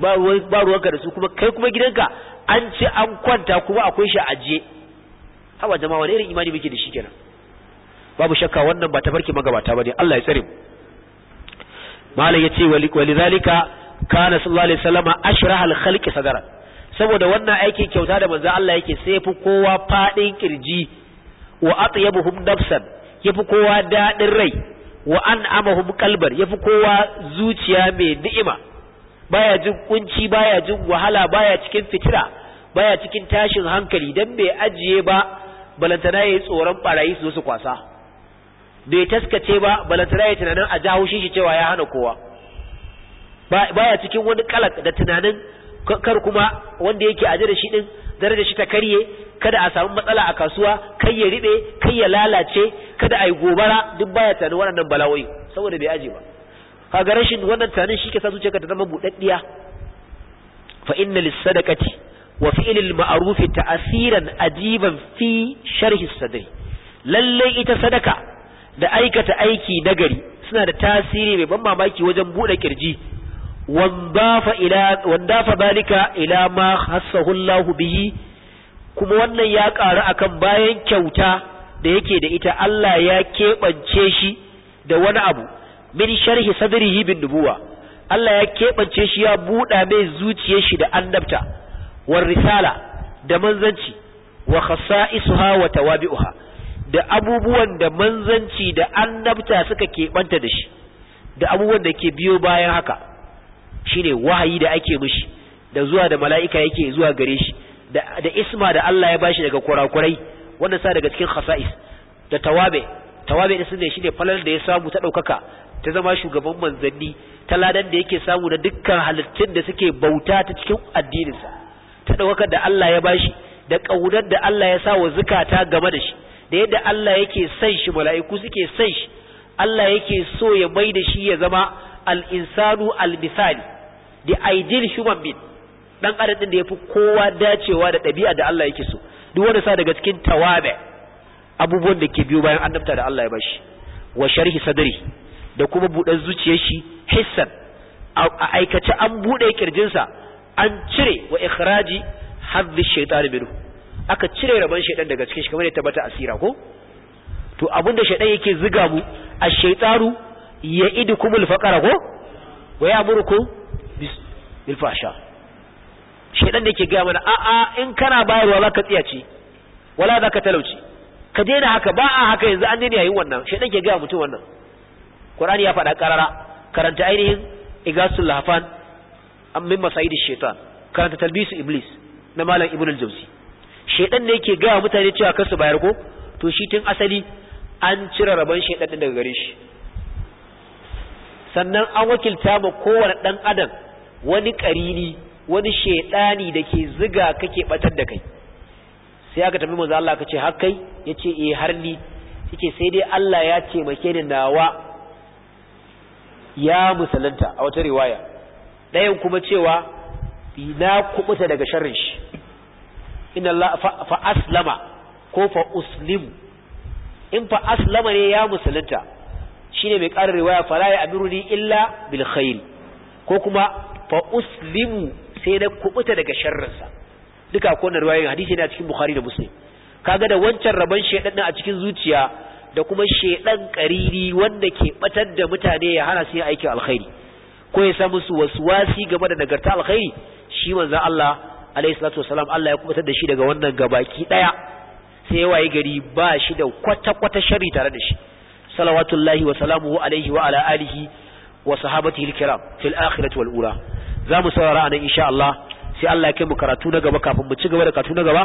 ba ruwan ba ruwan ka da su kuma kai kuma gidanka an ci an kwanta kuma akwai shi ajiye haba jama'a wani irin imani muke da shi kenan babu shakka wannan ba tafarki magabata bane Allah ya tsare mu malam yace walidhalika kana sallallahu alaihi wasallama ashraha al-khalqi sadara saboda wannan aikin kyauta da manzo Allah yake sai yafi kowa fadin kirji wa atyabuhum nafsan yafi kowa dadin rai wa an'amahum qalban yafi kowa zuciya mai ni'ima baya jin kunci baya jin wahala baya cikin fitira baya cikin tashin hankali dan bai ajiye ba balantana yayi tsoron barayi su su kwasa bai taskace ba balantana yayi tunanin a jawo shi cewa ya hana kowa baya cikin wani kalak da tunanin kar kuma wanda yake aje da shi din daraja shi ta karye kada a samu matsala a kasuwa kai ya ribe kai ya lalace kada ai gobara duk baya tani waɗannan balawai saboda bai aje ba kaga rashin wannan tunanin shi ke sa zuciyarka ta zama budaddiya fa inna lis-sadaqati wa fi'lil ma'ruf ta'asiran ajiban fi sharhi sadri lalle ita sadaka da aikata aiki nagari suna da tasiri mai ban mamaki wajen bude kirji waddafa ila zalika ila ma hassahu bihi kuma wannan ya ƙaru akan bayan kyauta da yake da ita Allah ya keɓance shi da wani abu min sharhi sadrihi bin nubuwa Allah ya keɓance shi ya buɗa mai zuciyar shi da annabta war risala da manzanci wa khasa'isuha wa tawabi'uha da abubuwan da manzanci da annabta suka keɓanta da shi da abubuwan da ke biyo bayan haka shine wahayi da ake mishi da zuwa da mala'ika yake zuwa gare shi da isma da Allah ya bashi daga kurakurai wanda sa daga cikin khasa'is da tawabe tawabe da shi shine falal da ya samu ta ɗaukaka ta zama shugaban manzanni ta ladan da yake samu da dukkan halittun da suke bauta ta cikin addininsa ta daukaka da Allah ya bashi da kaunar da Allah ya sa wa zukata game da shi da yadda Allah yake son shi mala'iku suke son shi Allah yake so ya mai da shi ya zama al-insanu al-misali the ideal human being dan adam din da yafi kowa dacewa da ɗabi'a da Allah yake so duk wanda sa daga cikin tawabe abubuwan da ke biyo bayan annabta da Allah ya bashi wa sharhi sadri da kuma buɗe zuciyar shi hissan a aikace an buɗe kirjinsa an cire wa ikhraji hadhi shaytan minhu aka cire rabon shaytan daga cikin shi kamar ya tabbata asira ko to abinda shaytan yake ziga mu ash-shaytanu ya'idukumul faqara ko wa ya'murukum bil fahsha shedan da yake ga mana a a in kana bayarwa zaka tsiyace wala zaka talauci ka daina haka ba a haka yanzu an daina yayin wannan shedan ke ga mutum wannan qur'ani ya faɗa karara karanta ainihin igasul lahfan am min masaid shaitan karanta talbisu iblis na malam ibnu al-jawzi shedan ne yake ga mutane cewa kar su bayar ko to shi tun asali an cire rabon shedan daga gare shi sannan an wakilta ma kowane dan adam wani ƙarini wani shaidani da ke ziga kake batar da kai sai aka tafi manzo Allah kace har kai yace eh har ni yake sai dai Allah ya ce taimake ni nawa ya musalanta a wata riwaya dayan kuma cewa na kubuta daga sharrin shi inna Allah fa ko fa uslim in fa aslama ne ya musalanta shine mai ƙara riwaya fala ya amiruni illa bil ko kuma fa uslimu sai na kubuta daga sharrinsa duka akwai wannan riwayoyin hadisi na a cikin bukhari da muslim kaga da wancan rabon shedan a cikin zuciya da kuma shedan kariri wanda ke batar da mutane ya hana su yin aikin alkhairi ko ya sa wasu waswasi game da nagarta alkhairi shi manzon Allah alaihi salatu Allah ya kubutar da shi daga wannan gabaki daya sai waye gari ba shi da kwata kwata sharri tare da shi salawatullahi wa salamuhu alaihi wa ala alihi wa sahabatihi alkiram fil akhirati wal ula za mu saurara a nan insha Allah sai Allah ya kai mu karatu na gaba kafin mu ci gaba da karatu na gaba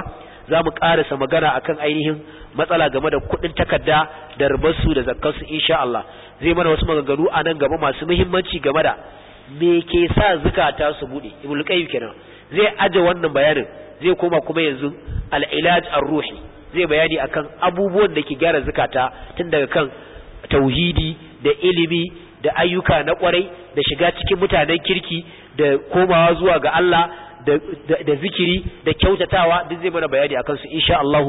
za mu karasa magana akan ainihin matsala game da kuɗin takarda da rubarsu da su insha Allah zai mana wasu maganganu a nan gaba masu muhimmanci game da me ke sa zukata su buɗe? ibn qayyim kenan zai aje wannan bayanin zai koma kuma yanzu al-ilaj ar-ruhi zai bayani akan abubuwan da ke gyara zukata tun daga kan tauhidi da ilimi da ayyuka na kwarai da shiga cikin mutanen kirki da komawa zuwa ga Allah da zikiri da kyautatawa duk zai mana bayani akan su insha Allah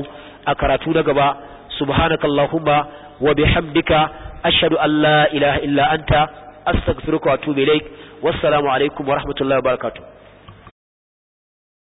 a karatu na gaba subhanakallahumma wa bihamdika ashhadu an la ilaha illa anta astaghfiruka wa atubu ilaik wassalamu alaikum wa rahmatullahi wa barakatuh